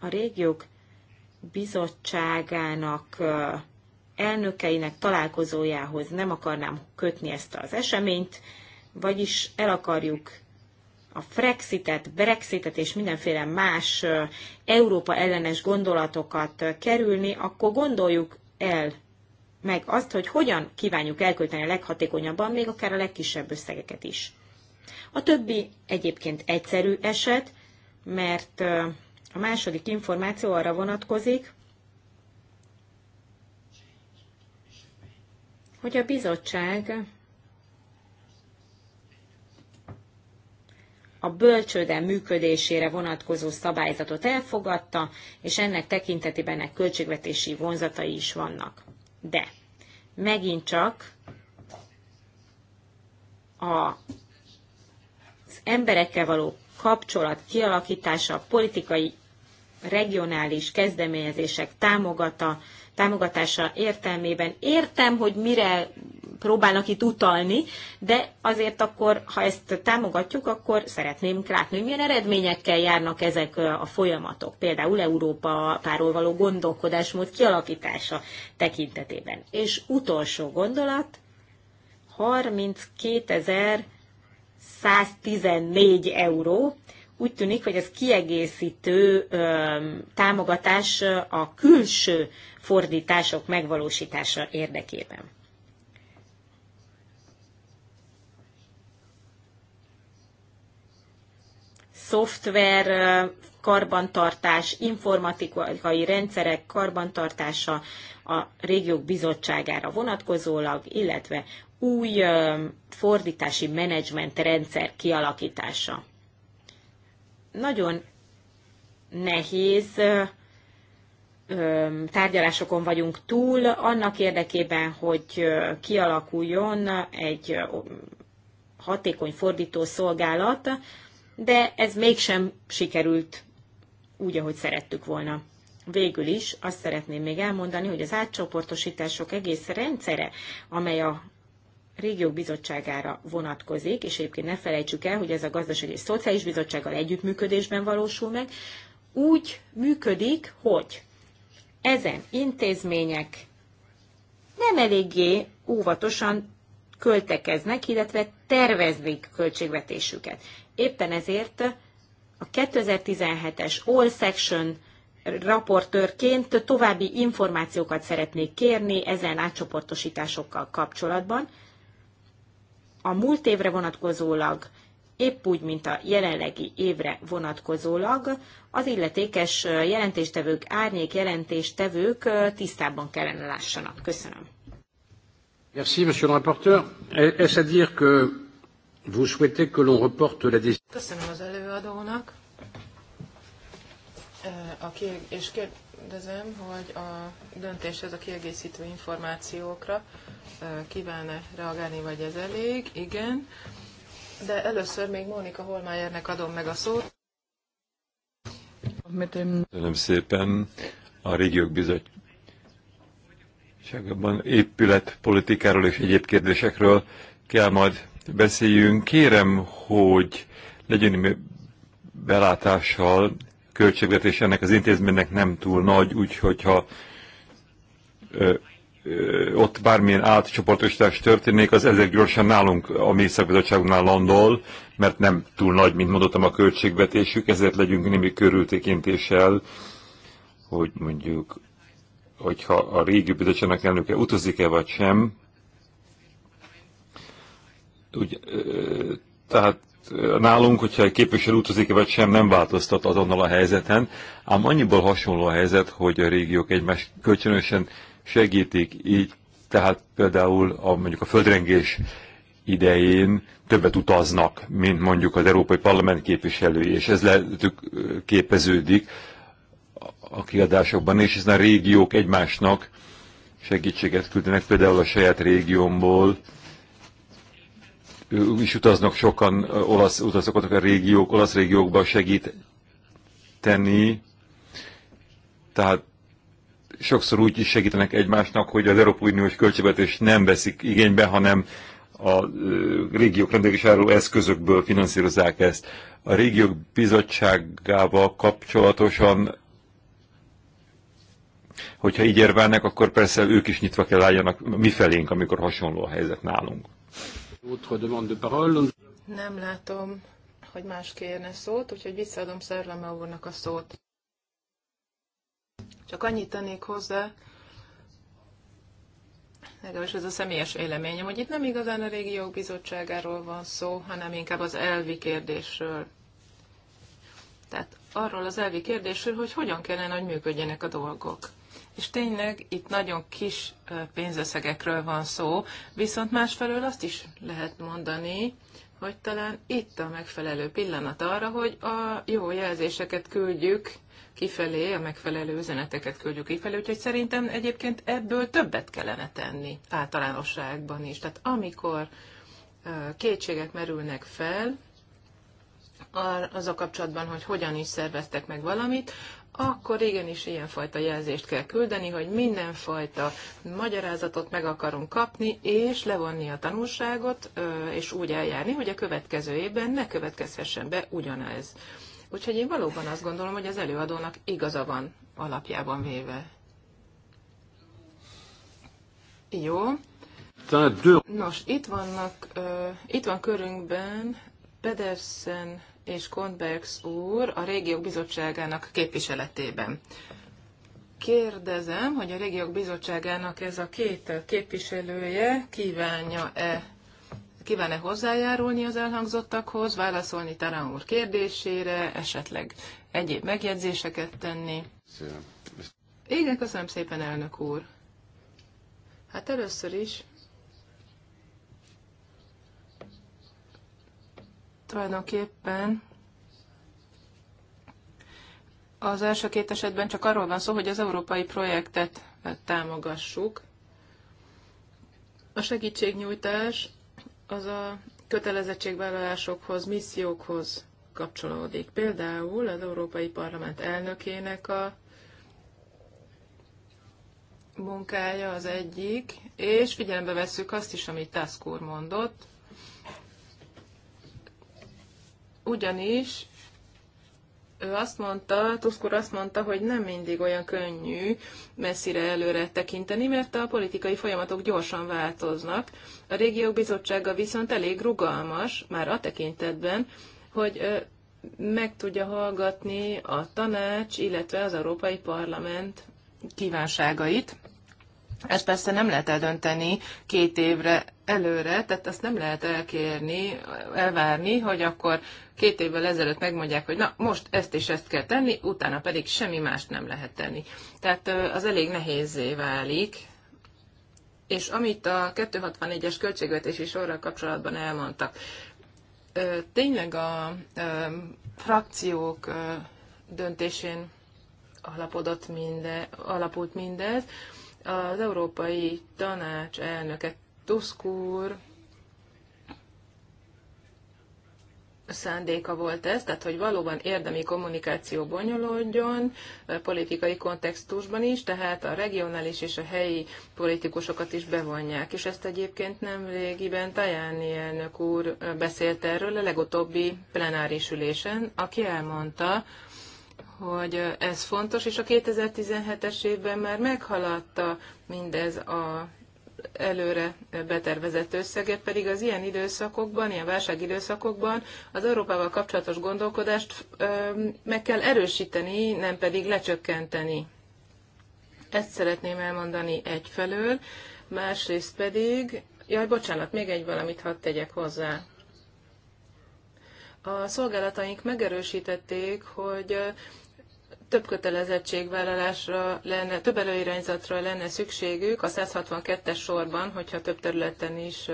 a régiók bizottságának elnökeinek találkozójához nem akarnám kötni ezt az eseményt, vagyis el akarjuk a Frexitet, Brexitet és mindenféle más Európa ellenes gondolatokat kerülni, akkor gondoljuk el meg azt, hogy hogyan kívánjuk elkölteni a leghatékonyabban, még akár a legkisebb összegeket is. A többi egyébként egyszerű eset, mert a második információ arra vonatkozik, hogy a bizottság a bölcsőde működésére vonatkozó szabályzatot elfogadta, és ennek tekintetében költségvetési vonzatai is vannak de megint csak a az emberekkel való kapcsolat kialakítása, a politikai, regionális kezdeményezések támogata, támogatása értelmében. Értem, hogy mire próbálnak itt utalni, de azért akkor, ha ezt támogatjuk, akkor szeretném látni, hogy milyen eredményekkel járnak ezek a folyamatok, például Európa páról való gondolkodásmód kialakítása tekintetében. És utolsó gondolat, 32.114 euró. Úgy tűnik, hogy ez kiegészítő ö, támogatás a külső fordítások megvalósítása érdekében. szoftver karbantartás, informatikai rendszerek karbantartása a régiók bizottságára vonatkozólag, illetve új fordítási menedzsment rendszer kialakítása. Nagyon nehéz tárgyalásokon vagyunk túl, annak érdekében, hogy kialakuljon egy hatékony fordító szolgálat, de ez mégsem sikerült úgy, ahogy szerettük volna. Végül is azt szeretném még elmondani, hogy az átcsoportosítások egész rendszere, amely a régiók bizottságára vonatkozik, és egyébként ne felejtsük el, hogy ez a gazdasági és szociális bizottsággal együttműködésben valósul meg, úgy működik, hogy ezen intézmények nem eléggé óvatosan költekeznek, illetve tervezik költségvetésüket. Éppen ezért a 2017-es All Section raportőrként további információkat szeretnék kérni ezen átcsoportosításokkal kapcsolatban. A múlt évre vonatkozólag, épp úgy, mint a jelenlegi évre vonatkozólag, az illetékes jelentéstevők, árnyék jelentéstevők tisztában kellene lássanak. Köszönöm. Merci, monsieur le rapporteur. Est-ce à dire que Vous souhaitez que l'on reporte la décision. Köszönöm az előadónak. A kieg- és kérdezem, hogy a döntéshez a kiegészítő információkra kívánne reagálni, vagy ez elég? Igen. De először még Mónika Holmájernek adom meg a szót. Köszönöm szépen. A régiók bizottságában épületpolitikáról és egyéb kérdésekről kell majd beszéljünk. Kérem, hogy legyen belátással költségvetés ennek az intézménynek nem túl nagy, úgyhogy ha ott bármilyen átcsoportosítás történik, az ezek gyorsan nálunk, a mi szakbizottságunknál landol, mert nem túl nagy, mint mondottam, a költségvetésük, ezért legyünk némi körültékintéssel, hogy mondjuk, hogyha a régi bizottságnak elnöke utazik-e vagy sem, úgy, tehát nálunk, hogyha egy képviselő utazik vagy sem, nem változtat azonnal a helyzeten, ám annyiból hasonló a helyzet, hogy a régiók egymás kölcsönösen segítik így, tehát például a, mondjuk a földrengés idején többet utaznak, mint mondjuk az Európai Parlament képviselői, és ez lehetük képeződik a kiadásokban, és ezen a régiók egymásnak segítséget küldenek, például a saját régiómból is utaznak sokan olasz utazokat a régiók, olasz régiókba segíteni, tehát sokszor úgy is segítenek egymásnak, hogy az Európai Uniós költségvetés nem veszik igénybe, hanem a régiók rendelkezésáró eszközökből finanszírozzák ezt. A régiók bizottságával kapcsolatosan, hogyha így érvelnek, akkor persze ők is nyitva kell álljanak mi felénk, amikor hasonló a helyzet nálunk. Nem látom, hogy más kérne szót, úgyhogy visszaadom Szerleme úrnak a szót. Csak annyit tennék hozzá, legalábbis ez a személyes véleményem, hogy itt nem igazán a régiók bizottságáról van szó, hanem inkább az elvi kérdésről. Tehát arról az elvi kérdésről, hogy hogyan kellene, hogy működjenek a dolgok. És tényleg itt nagyon kis pénzösszegekről van szó, viszont másfelől azt is lehet mondani, hogy talán itt a megfelelő pillanat arra, hogy a jó jelzéseket küldjük kifelé, a megfelelő üzeneteket küldjük kifelé, úgyhogy szerintem egyébként ebből többet kellene tenni általánosságban is. Tehát amikor kétségek merülnek fel, az a kapcsolatban, hogy hogyan is szerveztek meg valamit, akkor igenis ilyenfajta jelzést kell küldeni, hogy mindenfajta magyarázatot meg akarunk kapni, és levonni a tanulságot, és úgy eljárni, hogy a következő évben ne következhessen be ugyanez. Úgyhogy én valóban azt gondolom, hogy az előadónak igaza van alapjában véve. Jó. Nos, itt vannak, uh, itt van körünkben Pedersen és Kondbergs úr a Régiók Bizottságának képviseletében. Kérdezem, hogy a Régiók Bizottságának ez a két képviselője kívánja-e kíván-e hozzájárulni az elhangzottakhoz, válaszolni Tarán úr kérdésére, esetleg egyéb megjegyzéseket tenni. Igen, köszönöm szépen, elnök úr. Hát először is tulajdonképpen az első két esetben csak arról van szó, hogy az európai projektet támogassuk. A segítségnyújtás az a kötelezettségvállalásokhoz, missziókhoz kapcsolódik. Például az Európai Parlament elnökének a munkája az egyik, és figyelembe vesszük azt is, amit Tászkór mondott, Ugyanis ő azt mondta, Tusk azt mondta, hogy nem mindig olyan könnyű messzire előre tekinteni, mert a politikai folyamatok gyorsan változnak. A régiók bizottsága viszont elég rugalmas, már a tekintetben, hogy meg tudja hallgatni a tanács, illetve az Európai Parlament kívánságait. Ezt hát persze nem lehet eldönteni két évre előre, tehát azt nem lehet elkérni, elvárni, hogy akkor két évvel ezelőtt megmondják, hogy na most ezt és ezt kell tenni, utána pedig semmi mást nem lehet tenni. Tehát az elég nehézé válik, és amit a 264-es költségvetési sorral kapcsolatban elmondtak, tényleg a frakciók döntésén alapodott minde, alapult mindez, az Európai Tanács elnöke Tusk úr szándéka volt ez, tehát hogy valóban érdemi kommunikáció bonyolódjon politikai kontextusban is, tehát a regionális és a helyi politikusokat is bevonják. És ezt egyébként nem régiben Tajáni elnök úr beszélt erről a legutóbbi plenáris ülésen, aki elmondta, hogy ez fontos, és a 2017-es évben már meghaladta mindez a előre betervezett összeget, pedig az ilyen időszakokban, ilyen időszakokban az Európával kapcsolatos gondolkodást meg kell erősíteni, nem pedig lecsökkenteni. Ezt szeretném elmondani egyfelől, másrészt pedig, jaj, bocsánat, még egy valamit hadd tegyek hozzá. A szolgálataink megerősítették, hogy több kötelezettségvállalásra lenne, több előirányzatra lenne szükségük a 162-es sorban, hogyha több területen is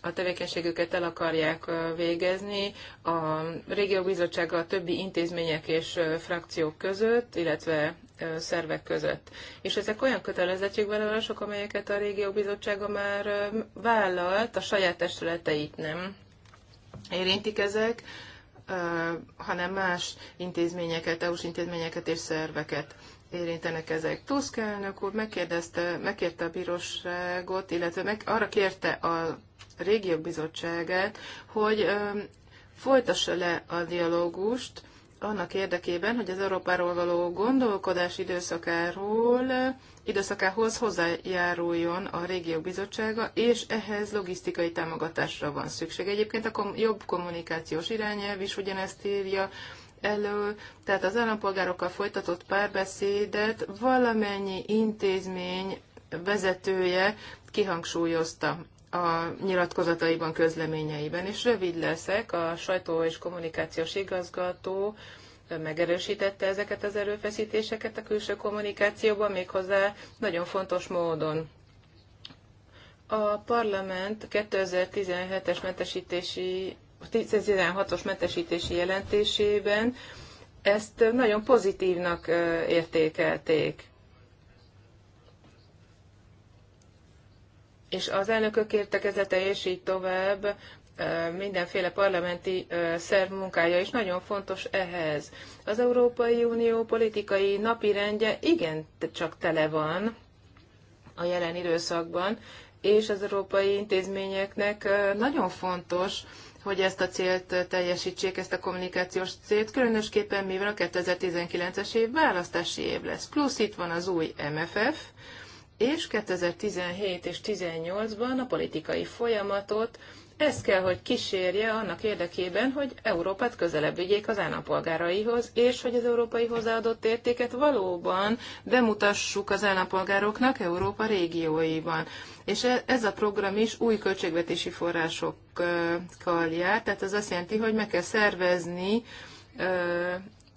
a tevékenységüket el akarják végezni a régióbizottsága a többi intézmények és frakciók között, illetve szervek között. És ezek olyan kötelezettségvállalások, amelyeket a régióbizottsága már vállalt, a saját testületeit nem érintik ezek hanem más intézményeket, EU-s intézményeket és szerveket érintenek ezek. Tusk elnök úr megkérdezte, megkérte a bíróságot, illetve meg, arra kérte a régiók bizottságát, hogy folytassa le a dialógust annak érdekében, hogy az Európáról való gondolkodás időszakáról, időszakához hozzájáruljon a régió bizottsága, és ehhez logisztikai támogatásra van szükség. Egyébként a kom- jobb kommunikációs irányelv is ugyanezt írja elő, tehát az állampolgárokkal folytatott párbeszédet valamennyi intézmény vezetője kihangsúlyozta a nyilatkozataiban, közleményeiben, és rövid leszek, a sajtó és kommunikációs igazgató megerősítette ezeket az erőfeszítéseket a külső kommunikációban, méghozzá nagyon fontos módon. A parlament 2017-es mentesítési, 2016-os mentesítési jelentésében ezt nagyon pozitívnak értékelték és az elnökök értekezete, és így tovább, mindenféle parlamenti szerv munkája is nagyon fontos ehhez. Az Európai Unió politikai napirendje igen csak tele van a jelen időszakban, és az európai intézményeknek nagyon fontos, hogy ezt a célt teljesítsék, ezt a kommunikációs célt, különösképpen mivel a 2019-es év választási év lesz. Plusz itt van az új MFF, és 2017 és 2018-ban a politikai folyamatot ez kell, hogy kísérje annak érdekében, hogy Európát közelebb vigyék az állampolgáraihoz, és hogy az európai hozzáadott értéket valóban bemutassuk az állampolgároknak Európa régióiban. És e- ez a program is új költségvetési forrásokkal jár, tehát ez azt jelenti, hogy meg kell szervezni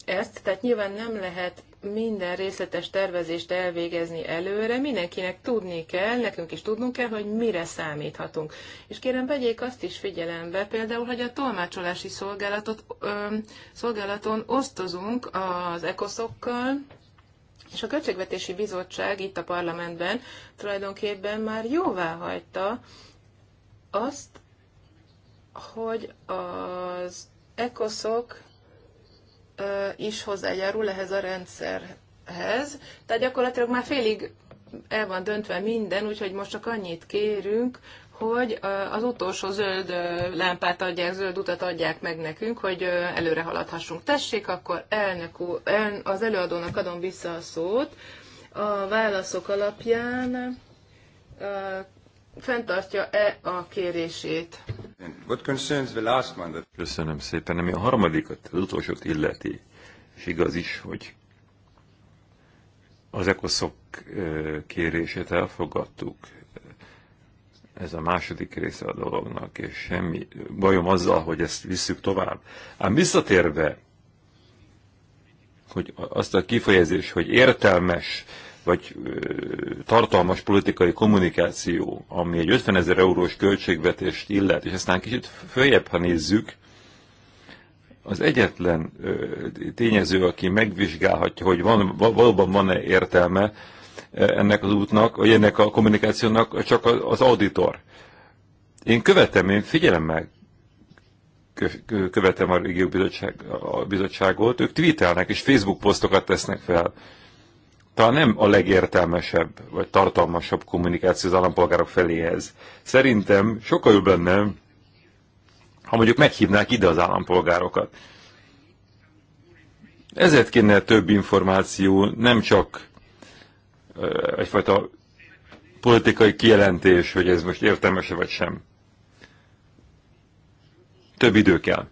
ezt, tehát nyilván nem lehet minden részletes tervezést elvégezni előre, mindenkinek tudni kell, nekünk is tudnunk kell, hogy mire számíthatunk. És kérem, vegyék azt is figyelembe, például, hogy a tolmácsolási szolgálatot, ö, szolgálaton osztozunk az ekoszokkal, és a Költségvetési Bizottság itt a parlamentben tulajdonképpen már jóvá hagyta azt, hogy az ekoszok is hozzájárul ehhez a rendszerhez. Tehát gyakorlatilag már félig el van döntve minden, úgyhogy most csak annyit kérünk, hogy az utolsó zöld lámpát adják, zöld utat adják meg nekünk, hogy előre haladhassunk. Tessék, akkor elnök úr, el, az előadónak adom vissza a szót. A válaszok alapján fenntartja-e a kérését. Köszönöm szépen, ami a harmadikat, az utolsót illeti, és igaz is, hogy az ekoszok kérését elfogadtuk, ez a második része a dolognak, és semmi bajom azzal, hogy ezt visszük tovább. Ám visszatérve, hogy azt a kifejezés, hogy értelmes vagy tartalmas politikai kommunikáció, ami egy 50 ezer eurós költségvetést illet, és aztán kicsit följebb, ha nézzük, az egyetlen tényező, aki megvizsgálhatja, hogy van, valóban van-e értelme ennek az útnak, vagy ennek a kommunikációnak, csak az auditor. Én követem, én figyelem meg. követem a régió bizottság, a bizottságot, ők tweetelnek és Facebook posztokat tesznek fel talán nem a legértelmesebb vagy tartalmasabb kommunikáció az állampolgárok feléhez. Szerintem sokkal jobb lenne, ha mondjuk meghívnák ide az állampolgárokat. Ezért kéne több információ, nem csak egyfajta politikai kijelentés, hogy ez most értelmese vagy sem. Több idő kell.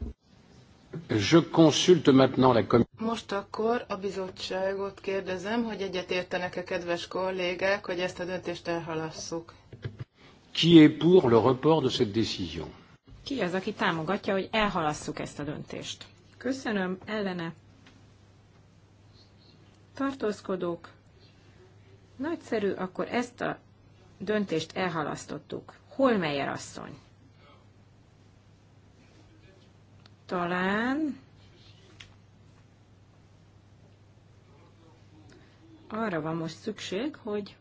Je consulte maintenant la Most akkor a bizottságot kérdezem, hogy egyetértenek-e kedves kollégák, hogy ezt a döntést elhalasszuk. Ki est pour le report de cette décision? Ki az, aki támogatja, hogy elhalasszuk ezt a döntést? Köszönöm, ellene. Tartózkodók. Nagyszerű, akkor ezt a döntést elhalasztottuk. Holmeyer asszony. talán arra van most szükség, hogy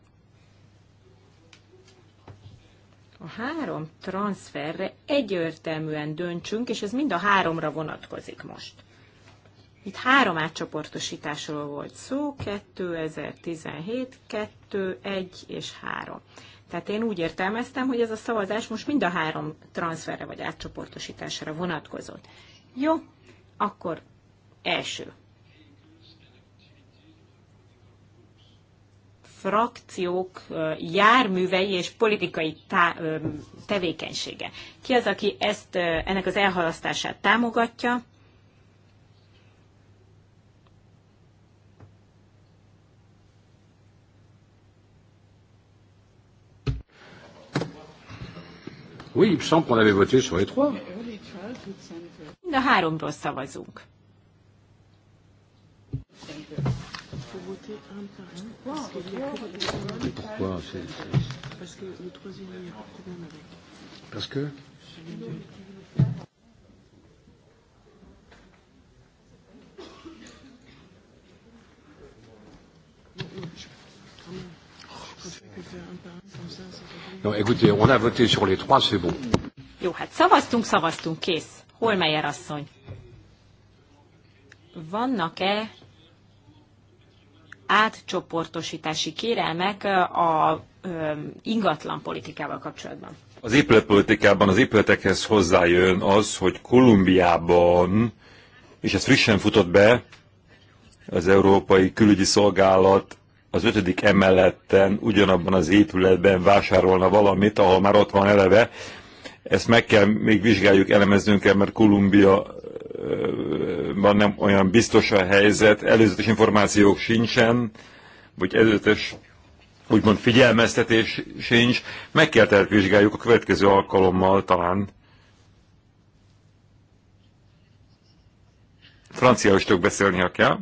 a három transferre egyértelműen döntsünk, és ez mind a háromra vonatkozik most. Itt három átcsoportosításról volt szó, 2017, 2, 1 és 3. Tehát én úgy értelmeztem, hogy ez a szavazás most mind a három transferre vagy átcsoportosításra vonatkozott. Jó, akkor első. frakciók járművei és politikai tá- tevékenysége. Ki az, aki ezt, ennek az elhalasztását támogatja? Oui, il me semble qu'on avait voté sur les trois de a háromról szavazunk. Non, écoutez, on a voté sur les trois, c'est bon. Jó, hát szavaztunk, szavaztunk, kész. Holmeyer asszony, vannak-e átcsoportosítási kérelmek a ingatlan politikával kapcsolatban? Az épületpolitikában az épületekhez hozzájön az, hogy Kolumbiában, és ez frissen futott be, az Európai Külügyi Szolgálat az ötödik emeleten ugyanabban az épületben vásárolna valamit, ahol már ott van eleve ezt meg kell még vizsgáljuk, elemeznünk kell, mert Kolumbia van nem olyan biztos a helyzet, előzetes információk sincsen, vagy előzetes úgymond figyelmeztetés sincs. Meg kell tehát vizsgáljuk a következő alkalommal talán. Franciául is beszélni, ha kell.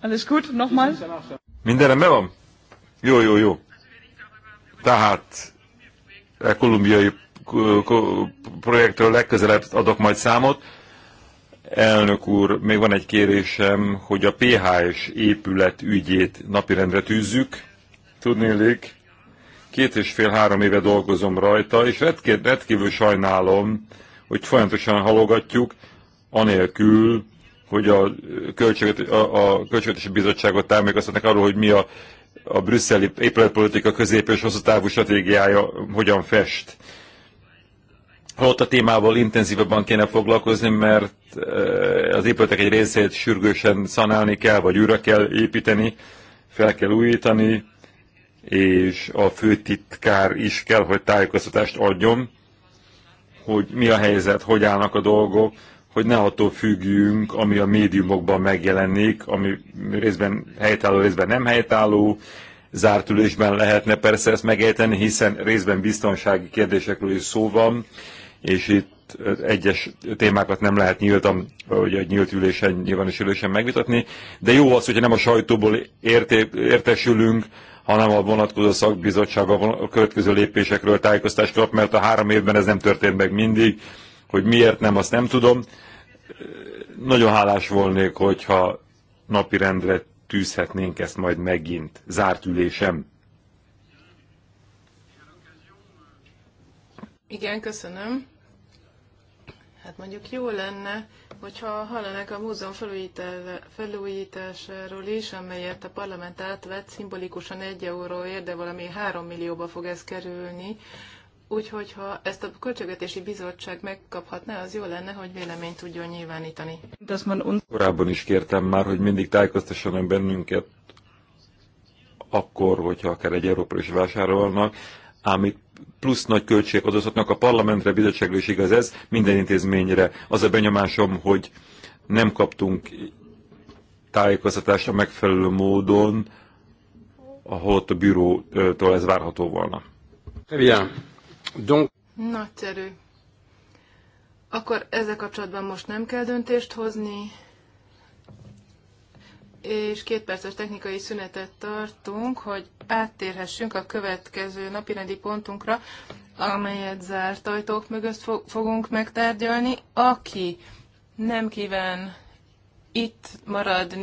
Alles gut, nochmal? Mindenem be van? Jó, jó, jó. Tehát a e kolumbiai projektről legközelebb adok majd számot. Elnök úr, még van egy kérésem, hogy a PHS épület ügyét napirendre tűzzük. Tudnélik, két és fél-három éve dolgozom rajta, és rendkívül, sajnálom, hogy folyamatosan halogatjuk, anélkül, hogy a, költséget, a, a Költségvetési Bizottságot támogatnak arról, hogy mi a a brüsszeli épületpolitika közép- és hosszú távú stratégiája hogyan fest. Holott a témával intenzívebben kéne foglalkozni, mert eh, az épületek egy részét sürgősen szanálni kell, vagy újra kell építeni, fel kell újítani, és a főtitkár is kell, hogy tájékoztatást adjon, hogy mi a helyzet, hogy állnak a dolgok, hogy ne attól függjünk, ami a médiumokban megjelenik, ami részben helytálló, részben nem helytálló, zárt ülésben lehetne persze ezt megejteni, hiszen részben biztonsági kérdésekről is szó van, és itt egyes témákat nem lehet nyíltan, vagy egy nyílt ülésen, nyilvános ülésen megvitatni, de jó az, hogyha nem a sajtóból érté, értesülünk, hanem a vonatkozó szakbizottság a, a következő lépésekről tájékoztást kap, mert a három évben ez nem történt meg mindig, hogy miért nem, azt nem tudom. Nagyon hálás volnék, hogyha napirendre tűzhetnénk ezt majd megint. Zárt ülésem. Igen, köszönöm. Hát mondjuk jó lenne, hogyha hallanak a múzeum felújításáról is, amelyet a parlament átvett, szimbolikusan egy euróért, de valami három millióba fog ez kerülni, Úgyhogy ha ezt a Költségvetési Bizottság megkaphatná, az jó lenne, hogy véleményt tudjon nyilvánítani. Korábban is kértem már, hogy mindig tájékoztassanak bennünket akkor, hogyha akár egy Európa is vásárolnak, ám itt plusz nagy költség adózhatnak a parlamentre, bizottságra is igaz ez, minden intézményre. Az a benyomásom, hogy nem kaptunk tájékoztatást a megfelelő módon, ahol a bürótól ez várható volna. Bien. Donc... Nagyszerű. Akkor ezzel kapcsolatban most nem kell döntést hozni, és két perces technikai szünetet tartunk, hogy áttérhessünk a következő napirendi pontunkra, amelyet zárt ajtók mögött fogunk megtárgyalni. Aki nem kíván itt maradni,